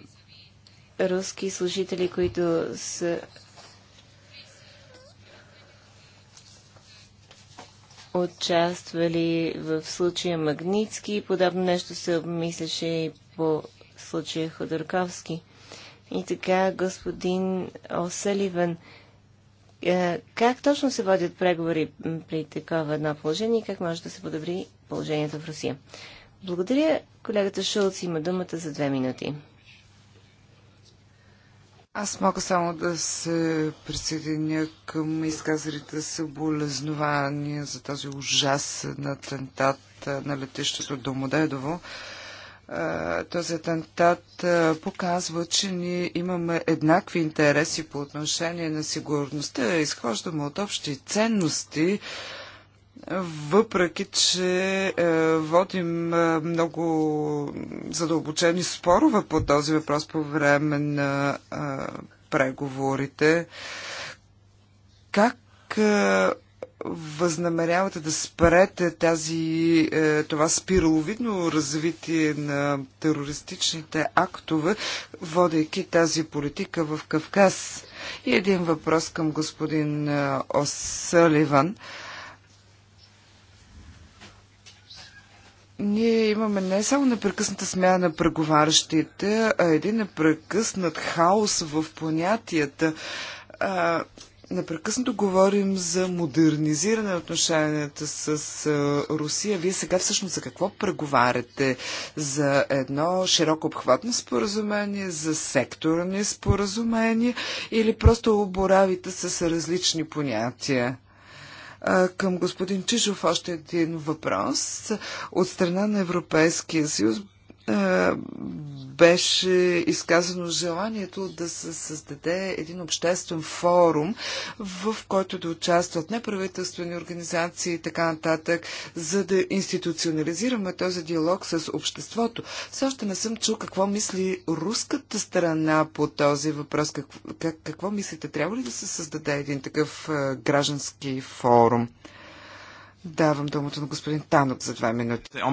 руски служители, които са участвали в случая Магницки. Подобно нещо се обмисляше и по случая Ходорковски. И така господин Осаливан е, как точно се водят преговори при такова едно положение и как може да се подобри положението в Русия? Благодаря. Колегата Шулц има думата за две минути. Аз мога само да се присъединя към изказалите се болезнования за този ужасен атентат на летището Домодедово. Модедово този атентат показва, че ние имаме еднакви интереси по отношение на сигурността, изхождаме от общи ценности, въпреки че водим много задълбочени спорове по този въпрос по време на преговорите. Как възнамерявате да спрете тази, е, това спираловидно развитие на терористичните актове, водейки тази политика в Кавказ? И един въпрос към господин е, Осъливан. ние имаме не само непрекъсната смяна на преговарящите, а един непрекъснат хаос в понятията. Непрекъснато говорим за модернизиране на отношенията с Русия. Вие сега всъщност за какво преговаряте? За едно широко обхватно споразумение, за секторни споразумения или просто оборавите с различни понятия? Към господин Чижов още един въпрос. От страна на Европейския съюз е, беше изказано желанието да се създаде един обществен форум, в който да участват неправителствени организации и така нататък, за да институционализираме този диалог с обществото. Все още не съм чул какво мисли руската страна по този въпрос. Какво, как, какво мислите? Трябва ли да се създаде един такъв е, граждански форум? Давам думата на господин Танок за две минути. E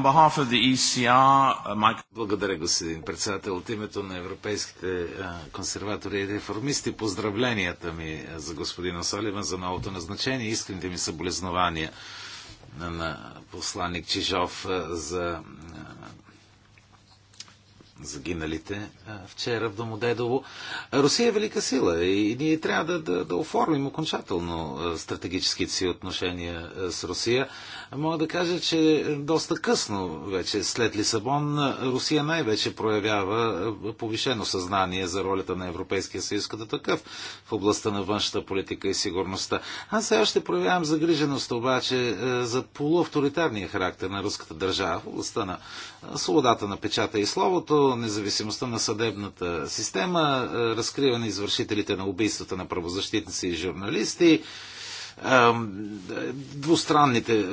uh, Благодаря, господин председател. От името на европейските консерватори и реформисти, поздравленията ми за господина Соливан за новото назначение. Искрените ми съболезнования на посланник Чижов за загиналите вчера в Домодедово. Русия е велика сила и ние трябва да, да, да оформим окончателно стратегическите си отношения с Русия. Мога да кажа, че доста късно вече след Лисабон Русия най-вече проявява повишено съзнание за ролята на Европейския съюз като такъв в областта на външната политика и сигурността. Аз сега ще проявявам загриженост обаче е, за полуавторитарния характер на руската държава в областта на е, свободата на печата и словото, независимостта на съдебната система, е, разкриване извършителите на убийствата на правозащитници и журналисти, двустранните е,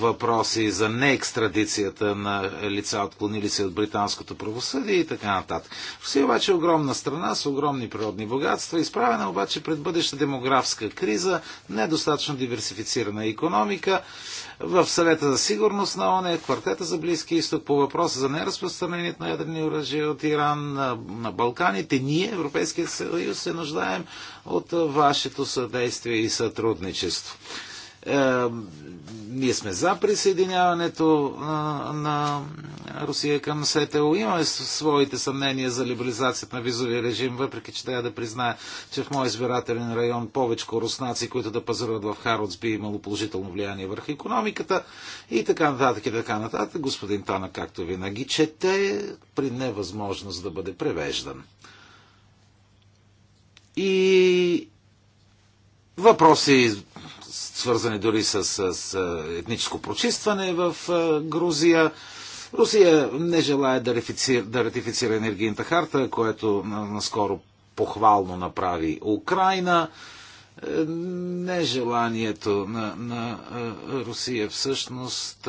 въпроси за неекстрадицията на лица, отклонили се от британското правосъдие и така нататък. Русия обаче е огромна страна с огромни природни богатства, изправена обаче пред бъдеща демографска криза, недостатъчно диверсифицирана економика, в съвета за сигурност на ОНЕ, квартета за Близки изток по въпроса за неразпространението на ядрени оръжия от Иран на, на Балканите. Ние, Европейския съюз, се нуждаем от вашето съдействие и сътрудничество ние сме за присъединяването на Русия към СТО. Имаме своите съмнения за либерализацията на визовия режим, въпреки че трябва да призная, че в моят избирателен район повече руснаци, които да пазаруват в Хародс, би е имало положително влияние върху економиката и така нататък и така нататък. Господин Тана, както винаги, чете при невъзможност да бъде превеждан. И въпроси свързани дори с, с, с етническо прочистване в Грузия. Русия не желая да ратифицира, да ратифицира енергийната харта, което наскоро похвално направи Украина. Е, Нежеланието на, на Русия всъщност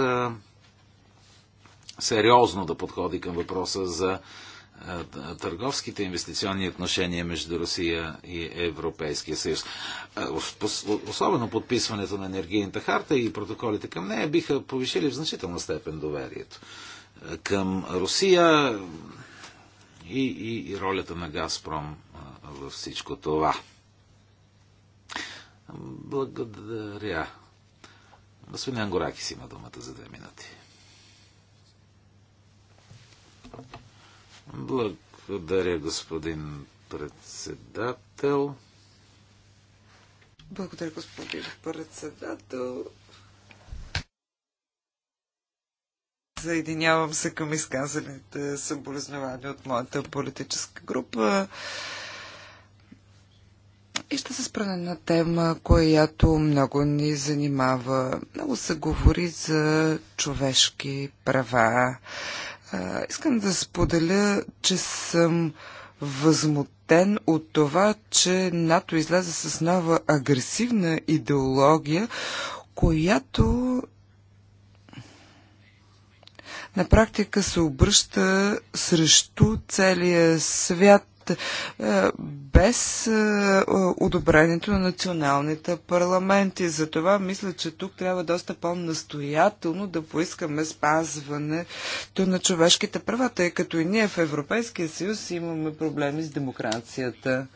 сериозно да подходи към въпроса за търговските инвестиционни отношения между Русия и Европейския съюз. Особено подписването на енергийната харта и протоколите към нея биха повишили в значителна степен доверието към Русия и, и, и ролята на Газпром във всичко това. Благодаря. Господин Ангоракис има думата за две минути. Благодаря, господин председател. Благодаря, господин председател. Съединявам се към изказаните съболезнования от моята политическа група и ще се спра на тема, която много ни занимава. Много се говори за човешки права искам да споделя, че съм възмутен от това, че НАТО излезе с нова агресивна идеология, която на практика се обръща срещу целия свят е, без е, одобрението на националните парламенти. Затова мисля, че тук трябва доста по-настоятелно да поискаме спазването на човешките права, тъй като и ние в Европейския съюз имаме проблеми с демокрацията.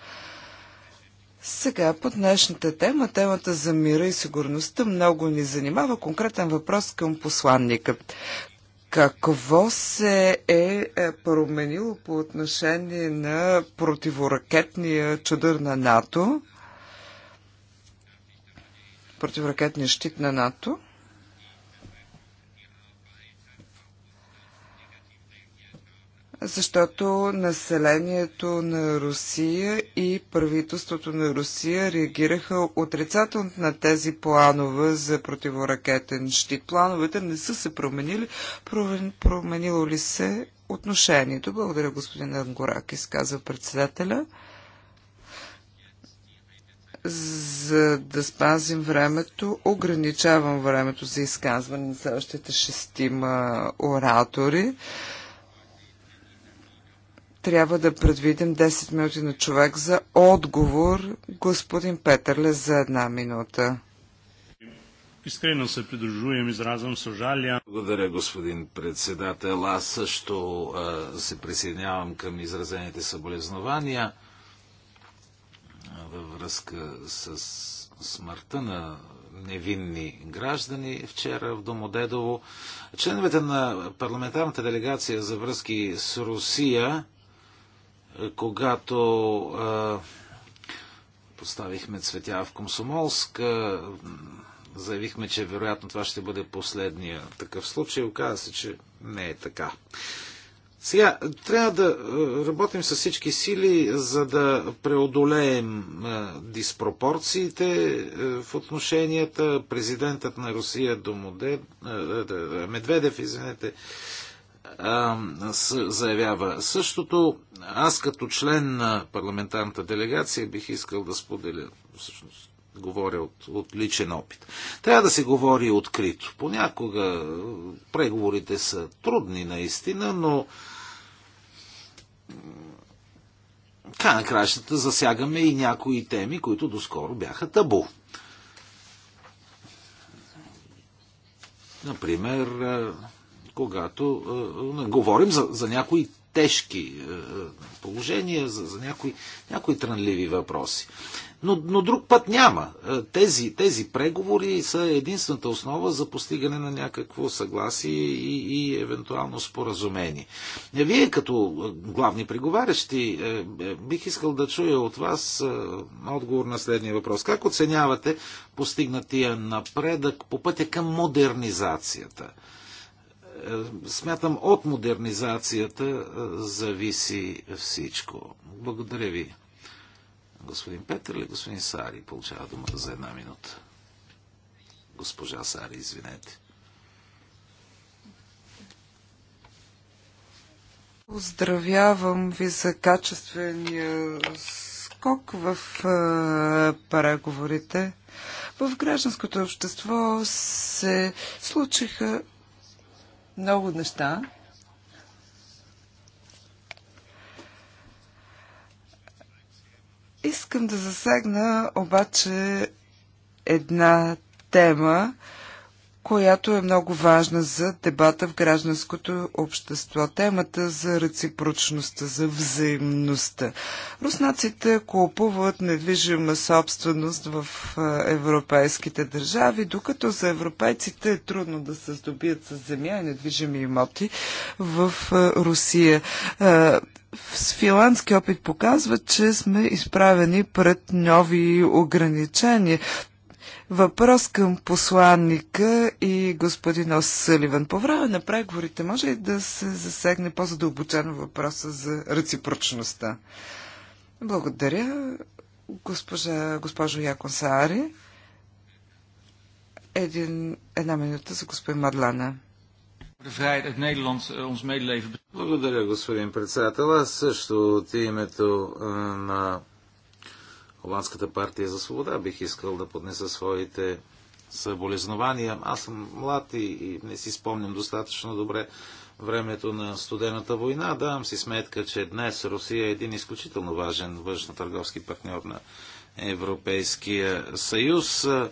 Сега по днешната тема, темата за мира и сигурността много ни занимава. Конкретен въпрос към посланника. Какво се е, е променило по отношение на противоракетния чудър на НАТО? Противоракетния щит на НАТО? защото населението на Русия и правителството на Русия реагираха отрицателно на тези планове за противоракетен щит. Плановете не са се променили. Променило ли се отношението? Благодаря, господин Ангорак, изказва председателя. За да спазим времето, ограничавам времето за изказване на следващите шестима оратори трябва да предвидим 10 минути на човек за отговор. Господин Петърле за една минута. Искрено се придружуем изразом съжаля. Благодаря, господин председател. Аз също а, се присъединявам към изразените съболезнования във връзка с смъртта на невинни граждани вчера в Домодедово. Членовете на парламентарната делегация за връзки с Русия когато а, поставихме цветя в Комсомолск, а, заявихме, че вероятно това ще бъде последния такъв случай. Оказа се, че не е така. Сега, трябва да работим с всички сили, за да преодолеем диспропорциите в отношенията. Президентът на Русия до Медведев, извинете, заявява същото. Аз като член на парламентарната делегация бих искал да споделя, всъщност говоря от, от личен опит. Трябва да се говори открито. Понякога преговорите са трудни наистина, но така на кращата засягаме и някои теми, които доскоро бяха табу. Например, когато е, говорим за, за някои тежки е, положения, за, за някои, някои трънливи въпроси. Но, но друг път няма. Тези, тези преговори са единствената основа за постигане на някакво съгласие и, и евентуално споразумение. Е, вие като главни преговарящи е, е, бих искал да чуя от вас отговор на следния въпрос. Как оценявате постигнатия напредък по пътя към модернизацията? Е, смятам, от модернизацията е, зависи всичко. Благодаря ви. Господин Петър или господин Сари получава дума за една минута? Госпожа Сари, извинете. Поздравявам ви за качествения скок в е, преговорите. В гражданското общество се случиха много неща. Искам да засегна обаче една тема, която е много важна за дебата в гражданското общество. Темата за реципрочността, за взаимността. Руснаците купуват недвижима собственост в европейските държави, докато за европейците е трудно да се здобият с земя и недвижими имоти в Русия. Филандски опит показва, че сме изправени пред нови ограничения. Въпрос към посланника и господин Саливан. По време на преговорите може ли да се засегне по-задълбочено въпроса за реципрочността? Благодаря, госпожа, госпожо Якон Саари. Един, една минута за господин Мадлана. Eh, Благодаря, господин председател. Аз също от името на Холандската партия за свобода, бих искал да поднеса своите съболезнования. Аз съм млад и, не си спомням достатъчно добре времето на студената война. Давам си сметка, че днес Русия е един изключително важен външно-търговски партньор на Европейския съюз. Е, е,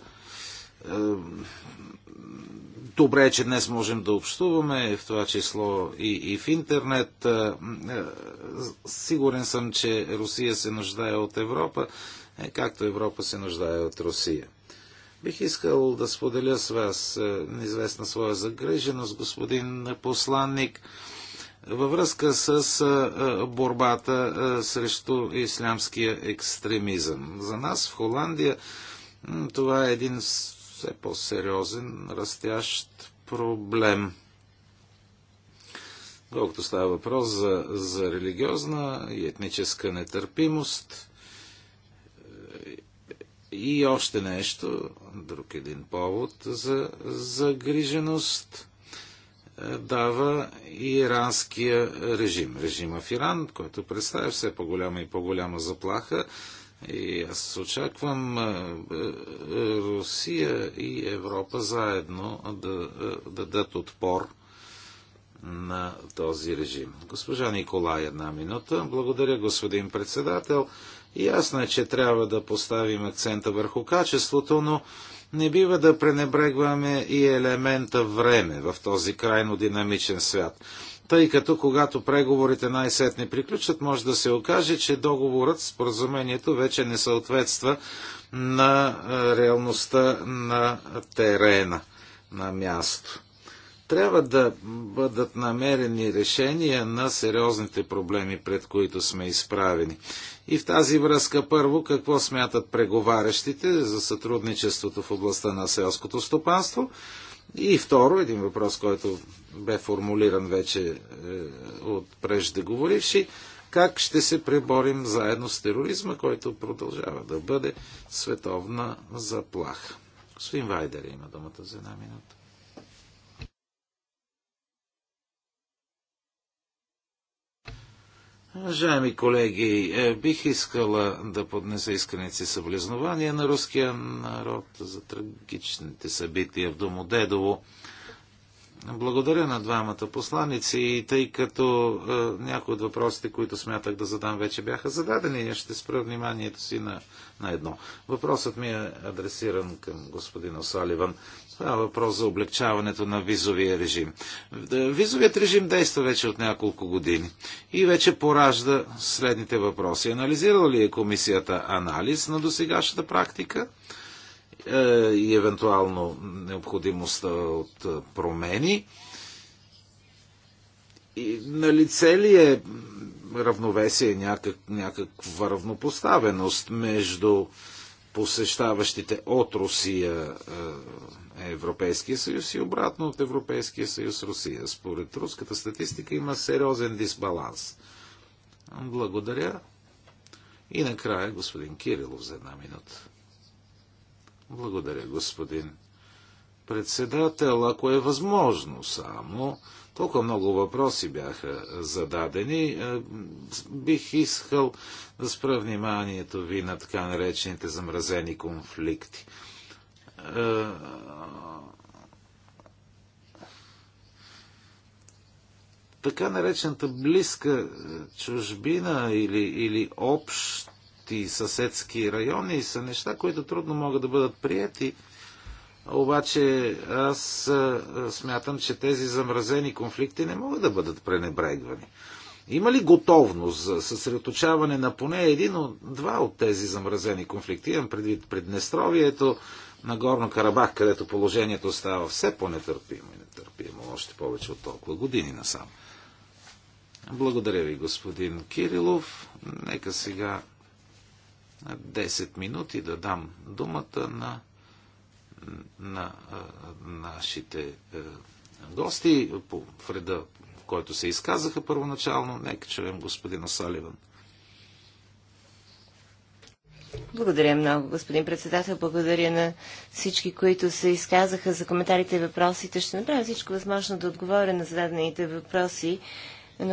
Добре е, че днес можем да общуваме, в това число и, и в интернет. Сигурен съм, че Русия се нуждае от Европа, е, както Европа се нуждае от Русия. Бих искал да споделя с вас неизвестна своя загриженост, господин посланник, във връзка с борбата срещу ислямския екстремизъм. За нас в Холандия това е един все по-сериозен, растящ проблем. Колкото става въпрос за, за религиозна и етническа нетърпимост е, и още нещо, друг един повод за загриженост е, дава иранския режим. Режима в Иран, който представя все по-голяма и по-голяма заплаха и аз очаквам е, е, е, Русия и Европа заедно да дадат отпор на този режим. Госпожа Николай, една минута. Благодаря, господин председател. Ясно е, че трябва да поставим акцента върху качеството, но не бива да пренебрегваме и елемента време в този крайно динамичен свят тъй като когато преговорите най-сетне приключат, може да се окаже, че договорът, споразумението вече не съответства на реалността на терена, на място. Трябва да бъдат намерени решения на сериозните проблеми, пред които сме изправени. И в тази връзка първо, какво смятат преговарящите за сътрудничеството в областта на селското стопанство – и второ, един въпрос, който бе формулиран вече е, от преждеговоривши, как ще се преборим заедно с тероризма, който продължава да бъде световна заплаха. Господин Вайдер има думата за една минута. Уважаеми колеги, е, бих искала да поднеса исканици съблизнования на руския народ за трагичните събития в Домодедово. Благодаря на двамата посланици и тъй като е, някои от въпросите, които смятах да задам, вече бяха зададени, я ще спра вниманието си на, на едно. Въпросът ми е адресиран към господин Осаливан. Става въпрос за облегчаването на визовия режим. Е, визовият режим действа вече от няколко години и вече поражда следните въпроси. Анализирала ли е комисията анализ на досегашната практика е, и евентуално необходимостта от е, промени? И на лице ли е равновесие, някак, някаква равнопоставеност между посещаващите от Русия Европейския съюз и обратно от Европейския съюз Русия. Според руската статистика има сериозен дисбаланс. Благодаря. И накрая господин Кирилов за една минута. Благодаря, господин председател. Ако е възможно само, толкова много въпроси бяха зададени, е, бих искал да спра вниманието ви на така наречените замразени конфликти. Е, така наречената близка е, чужбина или, или общи съседски райони са неща, които трудно могат да бъдат прияти. Обаче аз е, смятам, че тези замразени конфликти не могат да бъдат пренебрегвани. Има ли готовност за съсредоточаване на поне един от два от тези замразени конфликти? Имам предвид преднестровието на Горно Карабах, където положението става все по-нетърпимо и нетърпимо, още повече от толкова години насам. Благодаря ви, господин Кирилов. Нека сега 10 минути да дам думата на, на, на нашите гости по вреда, който се изказаха първоначално. Нека чуем господина Саливан. Благодаря много, господин председател. Благодаря на всички, които се изказаха за коментарите и въпросите. Ще направя всичко възможно да отговоря на зададените въпроси, но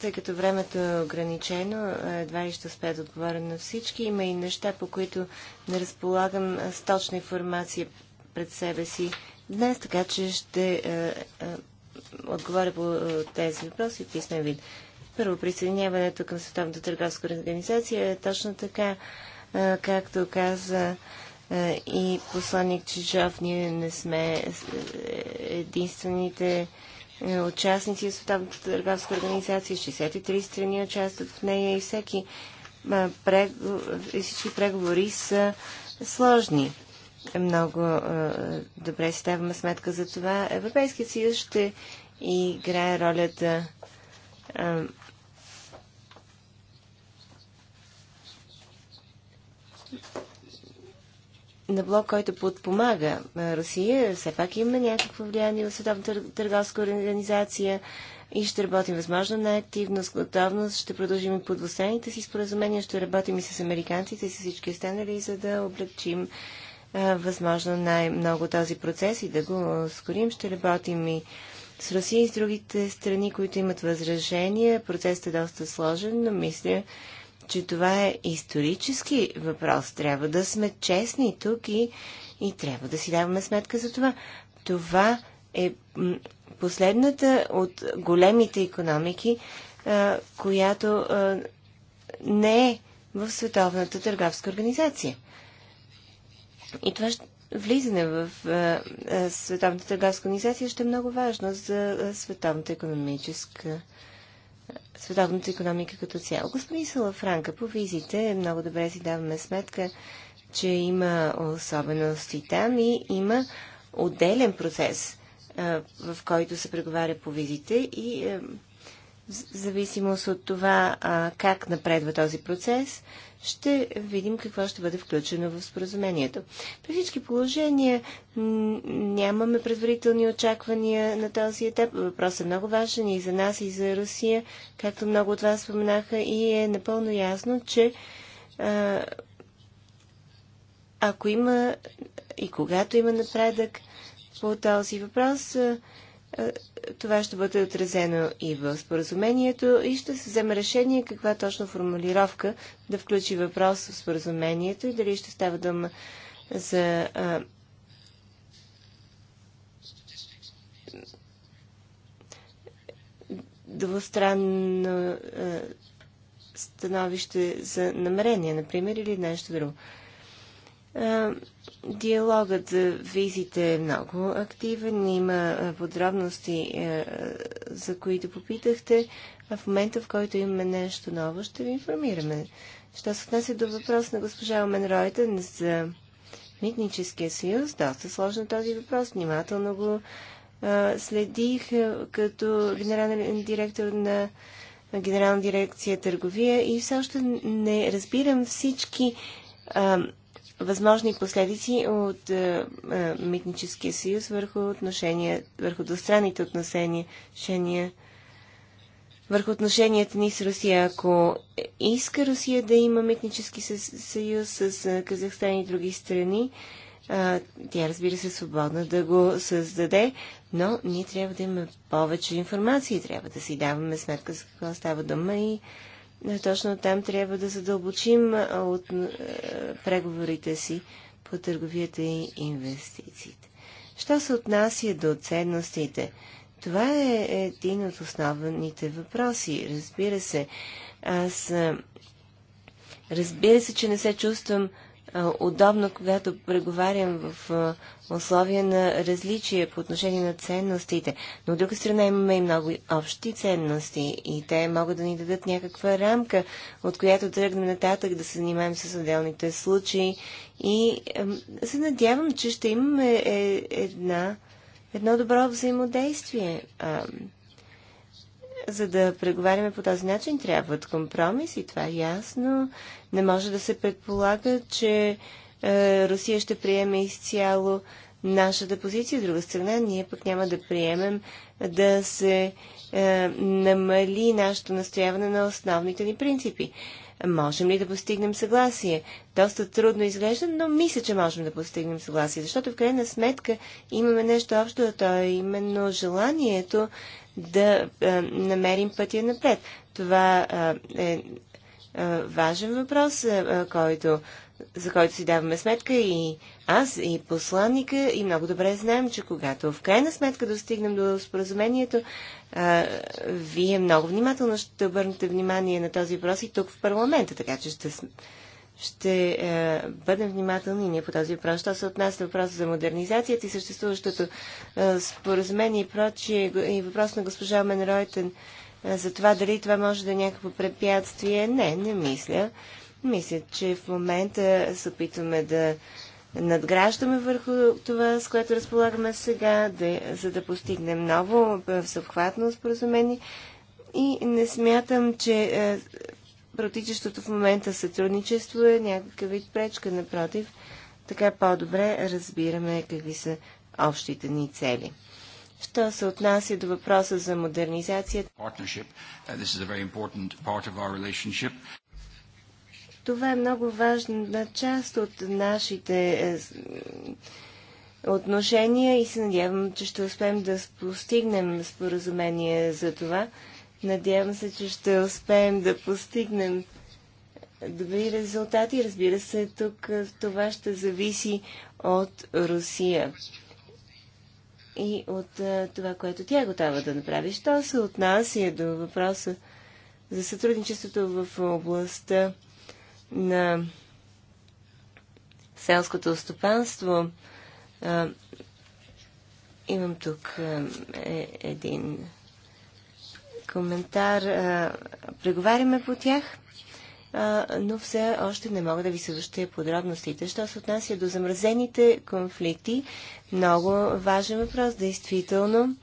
тъй като времето е ограничено, едва ли ще успея да отговоря на всички. Има и неща, по които не разполагам с точна информация пред себе си днес, така че ще отговоря по тези въпроси в писмен вид. Първо, присъединяването към Световната търговска организация е точно така, както каза и посланник Чижов, ние не сме е, единствените е, участници в Световната търговска организация. 63 страни участват в нея и всеки всички преговори са сложни. Е, много добре си даваме сметка за това. Европейският съюз ще играе ролята на блок, който подпомага Русия. Все пак има някакво влияние в Световната търговска организация и ще работим възможно най-активно, с готовност, ще продължим и по си споразумения, ще работим и с американците и с всички останали, за да облегчим възможно най-много този процес и да го ускорим. Ще работим и с Русия и с другите страни, които имат възражения. Процесът е доста сложен, но мисля, че това е исторически въпрос. Трябва да сме честни тук и, и трябва да си даваме сметка за това. Това е последната от големите економики, която не е в Световната търговска организация. И това ще, влизане в Световната търговска организация ще е много важно за Световната економическа световната економика като цяло. Господин Салафранка, по визите много добре си даваме сметка, че има особености там и има отделен процес, в който се преговаря по визите и в зависимост от това а, как напредва този процес, ще видим какво ще бъде включено в споразумението. При всички положения нямаме предварителни очаквания на този етап. Въпросът е много важен и за нас, и за Русия, както много от вас споменаха, и е напълно ясно, че а, ако има и когато има напредък по този въпрос, а, е, това ще бъде отразено и в споразумението и ще се вземе решение каква точно формулировка да включи въпрос в споразумението и дали ще става дума за двустранно становище за намерение, например, или нещо друго. Диалогът за визите е много активен. Има подробности, за които попитахте. А в момента, в който имаме нещо ново, ще ви информираме. Що се отнася до въпрос на госпожа Омен Ройтен за Митническия съюз, доста сложно е този въпрос. Внимателно го следих като генерален директор на Генерална дирекция търговия и все още не разбирам всички възможни последици от а, е, е, Митническия съюз върху отношения, върху двустранните отношения, върху отношенията ни с Русия. Ако иска Русия да има Митнически съюз с е, Казахстан и други страни, а, тя разбира се свободна да го създаде, но ние трябва да имаме повече информация и трябва да си даваме сметка за какво става дума и е, точно там трябва да задълбочим от преговорите си по търговията и инвестициите. Що се отнася до ценностите? Това е един от основните въпроси. Разбира се, аз Разбира се, че не се чувствам удобно, когато преговарям в условия на различия по отношение на ценностите. Но от друга страна имаме и много общи ценности и те могат да ни дадат някаква рамка, от която тръгнем нататък да се занимаем с отделните случаи. И се надявам, че ще имаме е, една, едно добро взаимодействие за да преговаряме по този начин, трябват компромиси, това е ясно. Не може да се предполага, че е, Русия ще приеме изцяло нашата позиция. От друга страна, ние пък няма да приемем да се е, намали нашето настояване на основните ни принципи. Можем ли да постигнем съгласие? Доста трудно изглежда, но мисля, че можем да постигнем съгласие, защото в крайна сметка имаме нещо общо, а то е именно желанието да е, намерим пътя напред. Това е, е, е важен въпрос, който, за който си даваме сметка и аз, и посланника, и много добре знаем, че когато в крайна сметка достигнем до споразумението, а, вие много внимателно ще обърнете внимание на този въпрос и тук в парламента, така че ще ще е, бъдем внимателни ние по този въпрос. Що се отнася въпроса за модернизацията и съществуващото е, споразумение и прочие, и въпрос на госпожа Менройтен е, за това дали това може да е някакво препятствие, не, не мисля. Мисля, че в момента се опитваме да надграждаме върху това, с което разполагаме сега, да, за да постигнем ново е, съвхватно споразумение. И не смятам, че е, протичащото в момента сътрудничество е някакъв вид пречка, напротив, така е по-добре разбираме какви са общите ни цели. Що се отнася до въпроса за модернизацията, uh, това е много важна част от нашите е, отношения и се надявам, че ще успеем да постигнем споразумение за това. Надявам се, че ще успеем да постигнем добри резултати. Разбира се, тук това ще зависи от Русия и от това, което тя е готова да направи. Що се отнася до въпроса за сътрудничеството в областта на селското стопанство, имам тук е, един коментар. Преговаряме по тях, но все още не мога да ви съобщя подробностите. Що се отнася до замразените конфликти, много важен въпрос, действително.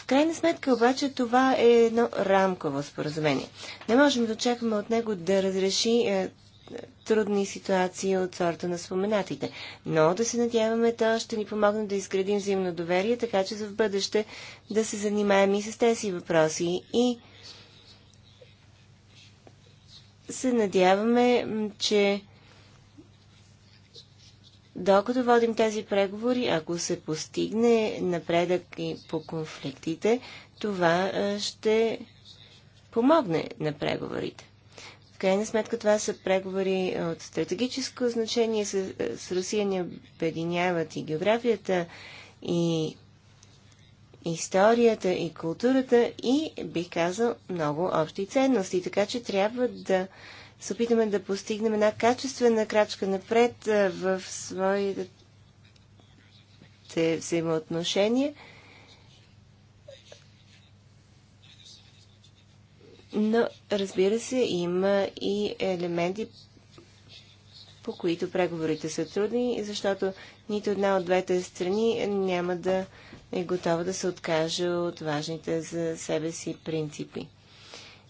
В крайна сметка обаче това е едно рамково споразумение. Не можем да очакваме от него да разреши трудни ситуации от сорта на споменатите. Но да се надяваме, то ще ни помогне да изградим взаимно доверие, така че за в бъдеще да се занимаем и с тези въпроси. И се надяваме, че докато водим тези преговори, ако се постигне напредък и по конфликтите, това ще помогне на преговорите крайна сметка това са преговори от стратегическо значение. С, с Русия ни обединяват и географията, и историята, и културата, и бих казал много общи ценности. Така че трябва да се опитаме да постигнем една качествена крачка напред в своите взаимоотношения Но, разбира се, има и елементи, по които преговорите са трудни, защото нито една от двете страни няма да е готова да се откаже от важните за себе си принципи.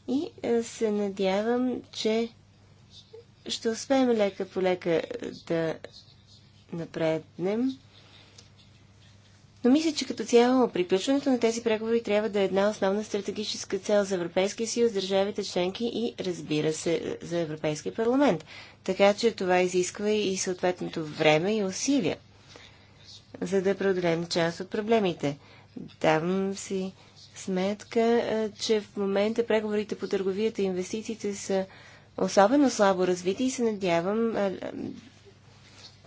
И е, се надявам, че ще успеем лека по лека да напреднем но мисля, че като цяло приключването на тези преговори трябва да е една основна стратегическа цел за Европейския съюз, държавите членки и, разбира се, за Европейския парламент. Така че това изисква и съответното време и усилия, за да преодолеем част от проблемите. Давам си сметка, че в момента преговорите по търговията и инвестициите са особено слабо развити и се надявам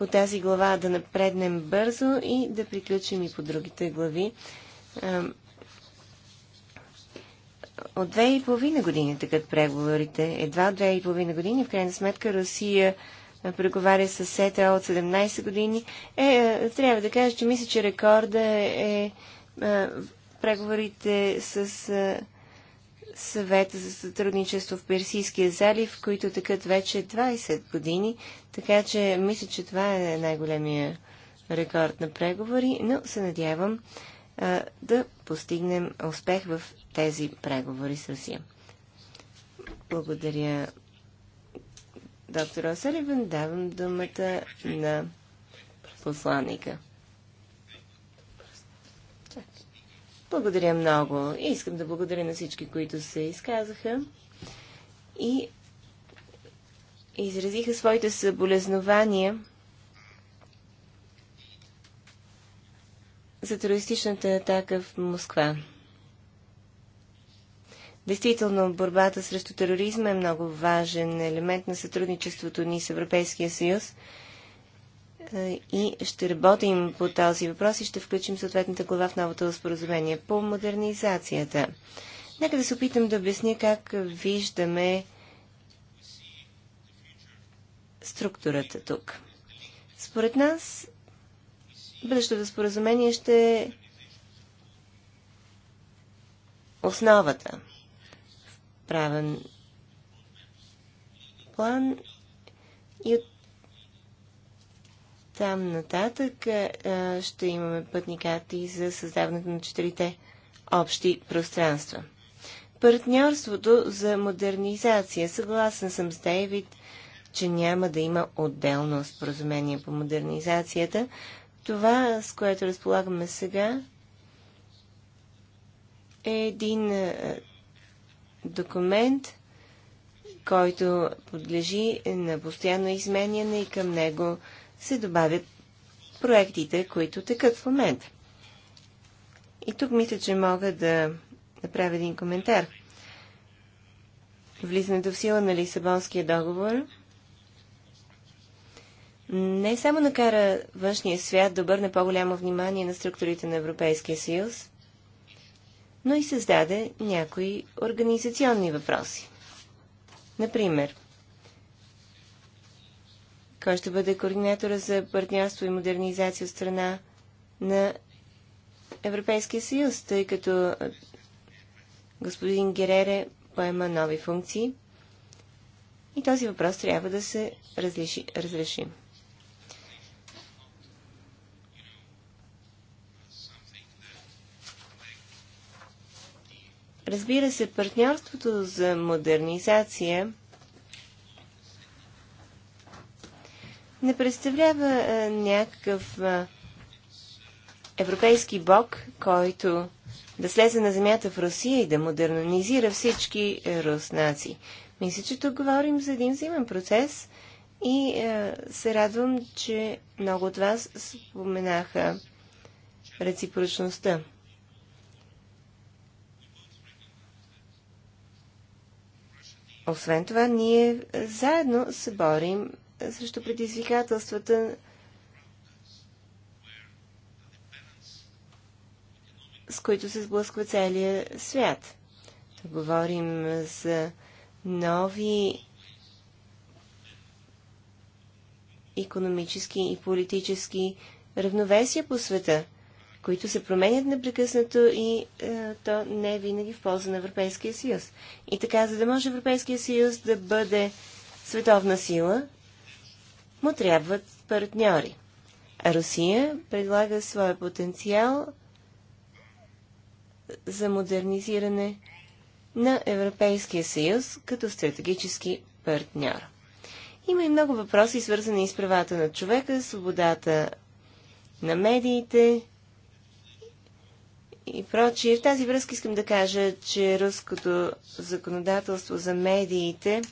по тази глава да напреднем бързо и да приключим и по другите глави. От две и половина години тъкат преговорите. Едва от две и половина години, в крайна сметка, Русия преговаря с СЕТА от 17 години. Е, трябва да кажа, че мисля, че рекорда е преговорите с съвета за сътрудничество в Персийския залив, които такът вече 20 години, така че мисля, че това е най-големия рекорд на преговори, но се надявам а, да постигнем успех в тези преговори с Русия. Благодаря, доктор Осаливен. Давам думата на посланника. Благодаря много. и Искам да благодаря на всички, които се изказаха и изразиха своите съболезнования за терористичната атака в Москва. Действително, борбата срещу тероризма е много важен елемент на сътрудничеството ни с Европейския съюз – е, и ще работим по този въпрос и ще включим съответната глава в новото споразумение. По модернизацията. Нека да се опитам да обясня как виждаме структурата тук. Според нас, бъдещото споразумение ще е основата в правен план и от там нататък а, ще имаме пътникати за създаването на четирите общи пространства. Партньорството за модернизация. Съгласен съм с Дейвид, че няма да има отделно споразумение по модернизацията. Това, с което разполагаме сега, е един документ, който подлежи на постоянно изменяне и към него се добавят проектите, които текат в момента. И тук мисля, че мога да направя един коментар. Влизането в сила на Лисабонския договор не само накара външния свят да обърне по-голямо внимание на структурите на Европейския съюз, но и създаде някои организационни въпроси. Например, кой ще бъде координатора за партньорство и модернизация от страна на Европейския съюз, тъй като господин Герере поема нови функции и този въпрос трябва да се разреши. разреши. Разбира се, партньорството за модернизация не представлява а, някакъв а, европейски бог, който да слезе на земята в Русия и да модернизира всички руснаци. Мисля, че тук говорим за един взимен процес и се радвам, че много от вас споменаха реципрочността. Освен това, ние заедно се борим срещу предизвикателствата, с които се сблъсква целия свят. Говорим за нови економически и политически равновесия по света, които се променят непрекъснато и е, то не е винаги в полза на Европейския съюз. И така, за да може Европейския съюз да бъде световна сила, му трябват партньори. А Русия предлага своя потенциал за модернизиране на Европейския съюз като стратегически партньор. Има и много въпроси, свързани с правата на човека, свободата на медиите и прочие. В тази връзка искам да кажа, че руското законодателство за медиите –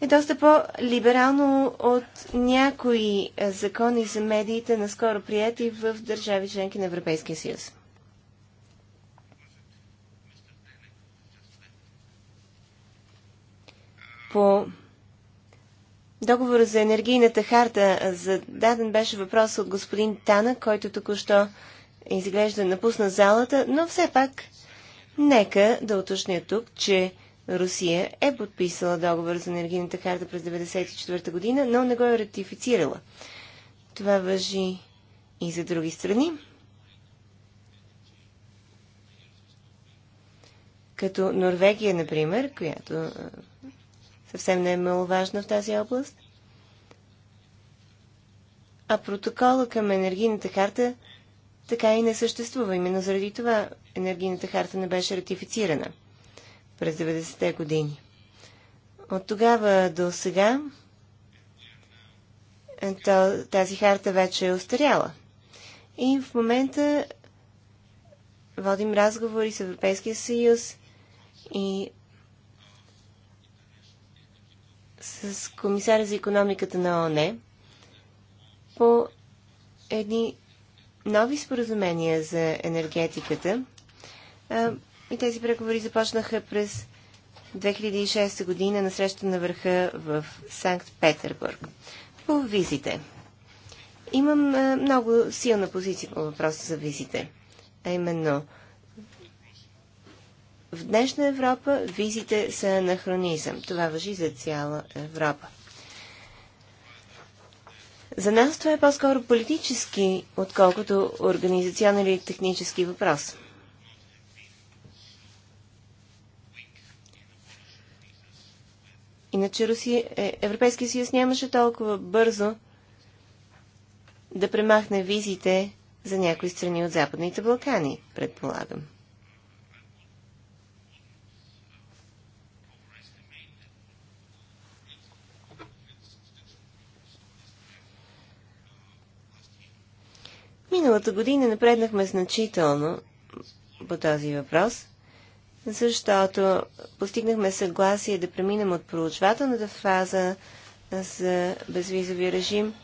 е доста по-либерално от някои е, закони за медиите, наскоро прияти в държави членки на Европейския съюз. По договора за енергийната харта е, зададен беше въпрос от господин Тана, който току-що изглежда напусна залата, но все пак нека да уточня тук, че Русия е подписала договор за енергийната карта през 1994 година, но не го е ратифицирала. Това въжи и за други страни. Като Норвегия, например, която съвсем не е маловажна в тази област. А протокола към енергийната карта така и не съществува. Именно заради това енергийната харта не беше ратифицирана през 90-те години. От тогава до сега е, тази харта вече е устаряла. И в момента водим разговори с Европейския съюз и с комисаря за економиката на ОНЕ по едни нови споразумения за енергетиката, и тези преговори започнаха през 2006 година на среща на върха в Санкт-Петербург. По визите. Имам е, много силна позиция по въпроса за визите. А именно, в днешна Европа визите са анахронизъм. Това въжи за цяла Европа. За нас това е по-скоро политически, отколкото организационен или технически въпрос. Иначе Руси... Е, Европейския съюз нямаше толкова бързо да премахне визите за някои страни от Западните Балкани, предполагам. Миналата година напреднахме значително по този въпрос – защото постигнахме съгласие да преминем от проучвателната фаза за безвизови режим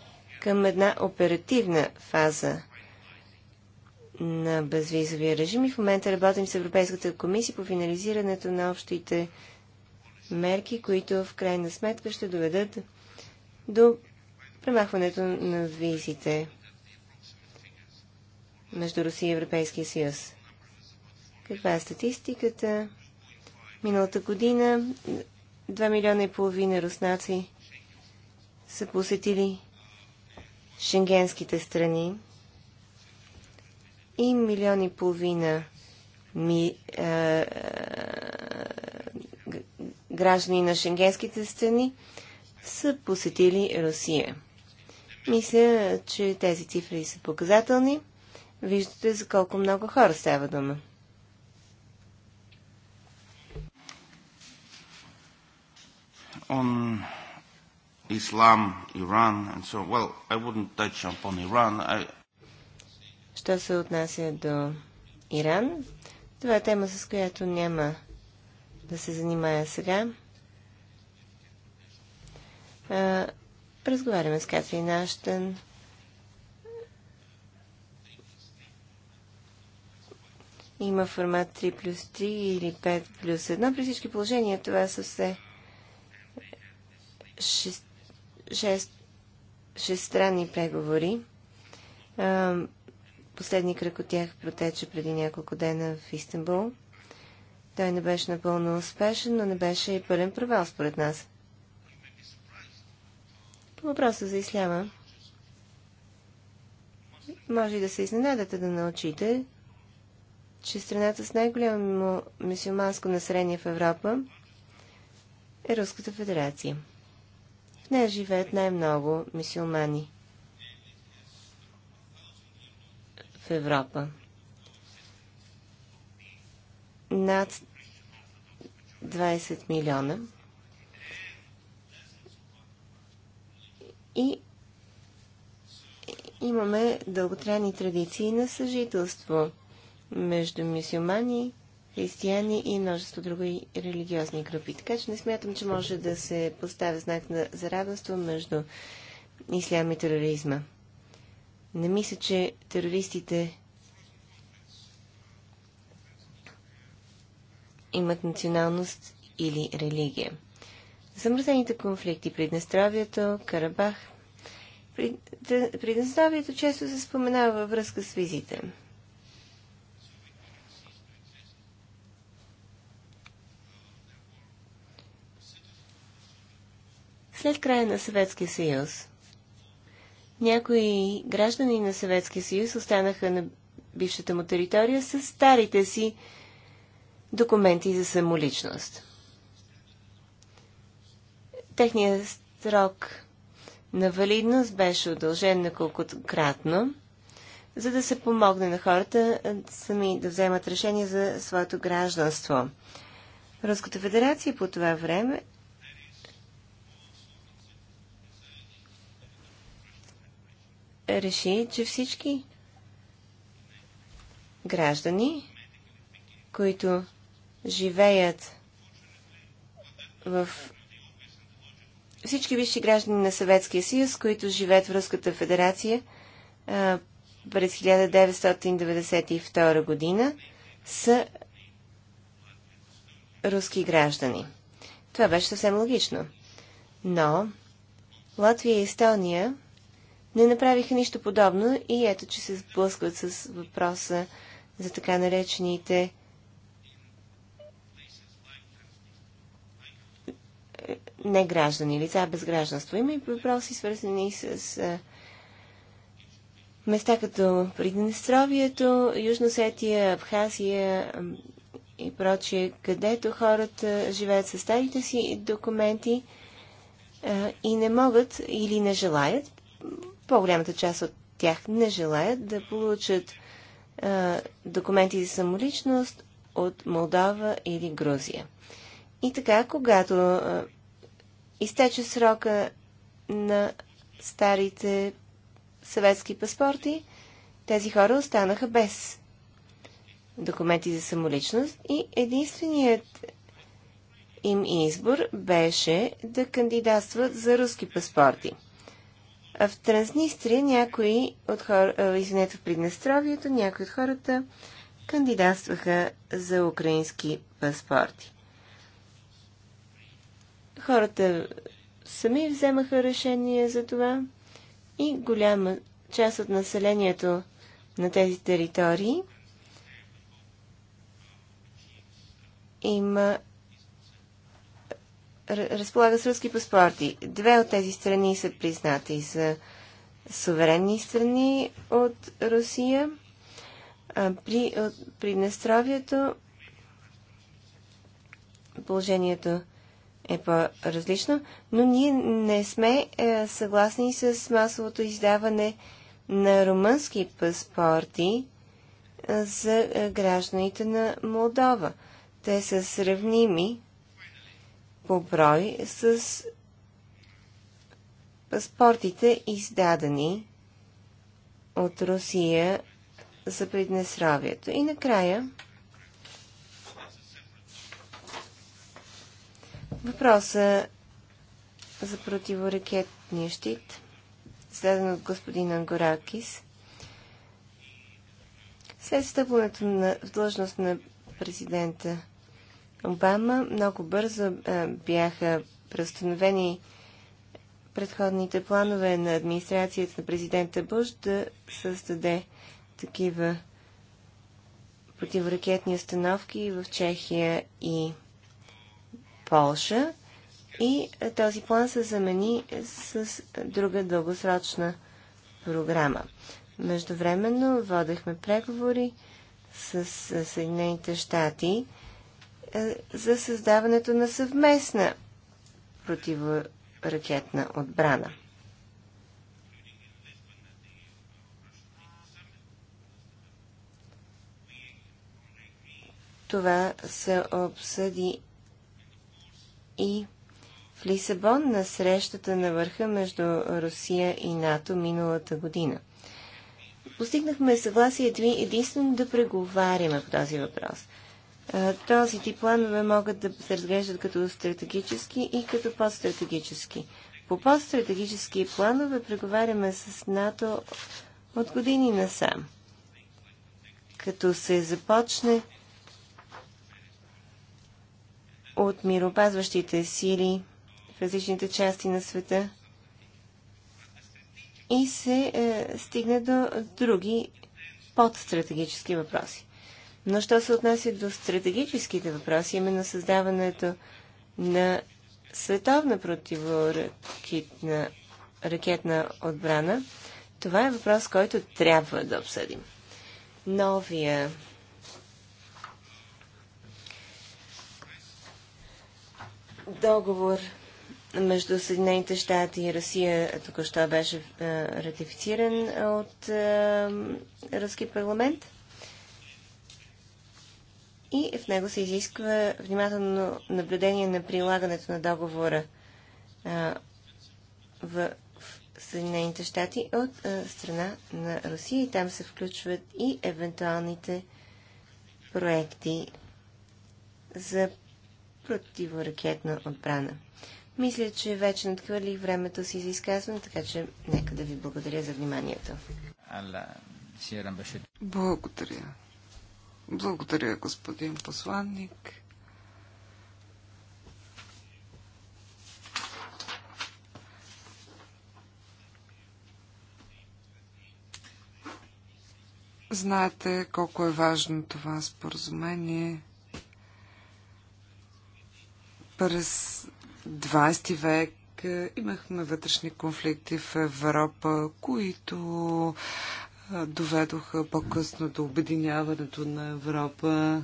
към една оперативна фаза на безвизовия режим и в момента работим с Европейската комисия по финализирането на общите мерки, които в крайна сметка ще доведат до премахването на визите между Русия и Европейския съюз. Каква е статистиката? Миналата година 2 милиона и половина руснаци са посетили шенгенските страни и милион и половина ми, а, е, а, граждани на шенгенските страни са посетили Русия. Мисля, че тези цифри са показателни. Виждате за колко много хора става дума. on Islam, Iran and so well, I wouldn't touch upon Iran. I... Що се отнася до Иран, това е тема, с която няма да се занимая сега. А, разговаряме с Катрин Аштън. Има формат 3 плюс 3 или 5 плюс 1. При всички положения това са все шест, шестранни преговори. Последни кръг от тях протече преди няколко дена в Истанбул. Той не беше напълно успешен, но не беше и пълен провал според нас. По въпроса за исляма, може и да се изненадате да научите, че страната с най-голямо мисиоманско население в Европа е Руската федерация нея живеят най-много мисюлмани в Европа. Над 20 милиона. И имаме дълготрайни традиции на съжителство между и християни и множество други религиозни групи. Така че не смятам, че може да се поставя знак на, заравенство между ислям и тероризма. Не мисля, че терористите имат националност или религия. Замръзените конфликти при Днестровието, Карабах. При, Приднестровието често се споменава във връзка с визите. След края на Съветския съюз, някои граждани на Съветския съюз останаха на бившата му територия с старите си документи за самоличност. Техният срок на валидност беше удължен неколкократно, за да се помогне на хората сами да вземат решение за своето гражданство. Руската федерация по това време реши, че всички граждани, които живеят в всички висши граждани на Съветския съюз, които живеят в Руската федерация а, през 1992 година, са руски граждани. Това беше съвсем логично. Но Латвия и Естония не направиха нищо подобно и ето, че се сблъскват с въпроса за така наречените е, не граждани, лица без гражданство. Има и въпроси свързани с е, места като Приднестровието, Южна Сетия, Абхазия и прочие, където хората живеят със старите си документи е, и не могат или не желаят по-голямата част от тях не желаят да получат а, документи за самоличност от Молдова или Грузия. И така, когато а, изтече срока на старите съветски паспорти, тези хора останаха без документи за самоличност и единственият им избор беше да кандидатстват за руски паспорти. В Транснистрия някои от хората, извинете, в Приднестровието, някои от хората кандидатстваха за украински паспорти. Хората сами вземаха решение за това и голяма част от населението на тези територии има разполага с руски паспорти. Две от тези страни са признати за суверенни страни от Русия. При, от, при Днестровието положението е по-различно, но ние не сме е, съгласни с масовото издаване на румънски паспорти за гражданите на Молдова. Те са сравними по брой с паспортите издадени от Русия за Приднесравието. И накрая въпроса за противоракетния щит, зададен от господин Ангоракис. След стъпването на, в длъжност на президента Обама. Много бързо е, бяха преустановени предходните планове на администрацията на президента Буш да създаде такива противоракетни установки в Чехия и Полша. И е, този план се замени с е, друга дългосрочна програма. Междувременно водехме преговори с Съединените щати е, за създаването на съвместна противоракетна отбрана. Това се обсъди и в Лисабон на срещата на върха между Русия и НАТО миналата година. Постигнахме съгласие единствено да преговаряме по този въпрос – е, този тип планове могат да се разглеждат като стратегически и като подстратегически. По подстратегически планове преговаряме с НАТО от години насам. Като се започне от миропазващите сили в различните части на света и се е, стигне до други подстратегически въпроси. Но що се отнася до стратегическите въпроси, именно създаването на световна противоракетна ракетна отбрана, това е въпрос, който трябва да обсъдим. Новия договор между Съединените щати и Русия току-що беше ратифициран от Руски парламент и в него се изисква внимателно наблюдение на прилагането на договора а, в, в Съединените щати от а, страна на Русия и там се включват и евентуалните проекти за противоракетна отбрана. Мисля, че вече надхвърлих времето си за изказване, така че нека да ви благодаря за вниманието. Благодаря. Благодаря, господин посланник. Знаете колко е важно това споразумение. През 20 век имахме вътрешни конфликти в Европа, които доведоха по-късно до обединяването на Европа.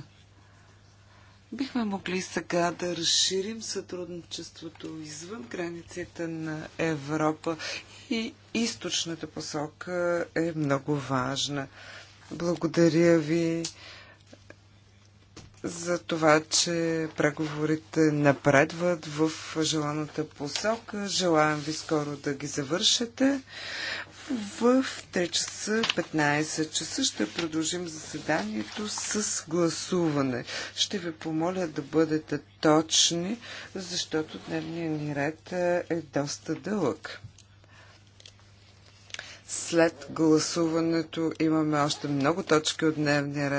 Бихме могли сега да разширим сътрудничеството извън границите на Европа и източната посока е много важна. Благодаря ви за това, че преговорите напредват в желаната посока. Желаем ви скоро да ги завършите. В 3 часа 15 часа ще продължим заседанието с гласуване. Ще ви помоля да бъдете точни, защото дневният ни ред е, е доста дълъг. След гласуването имаме още много точки от дневния ред.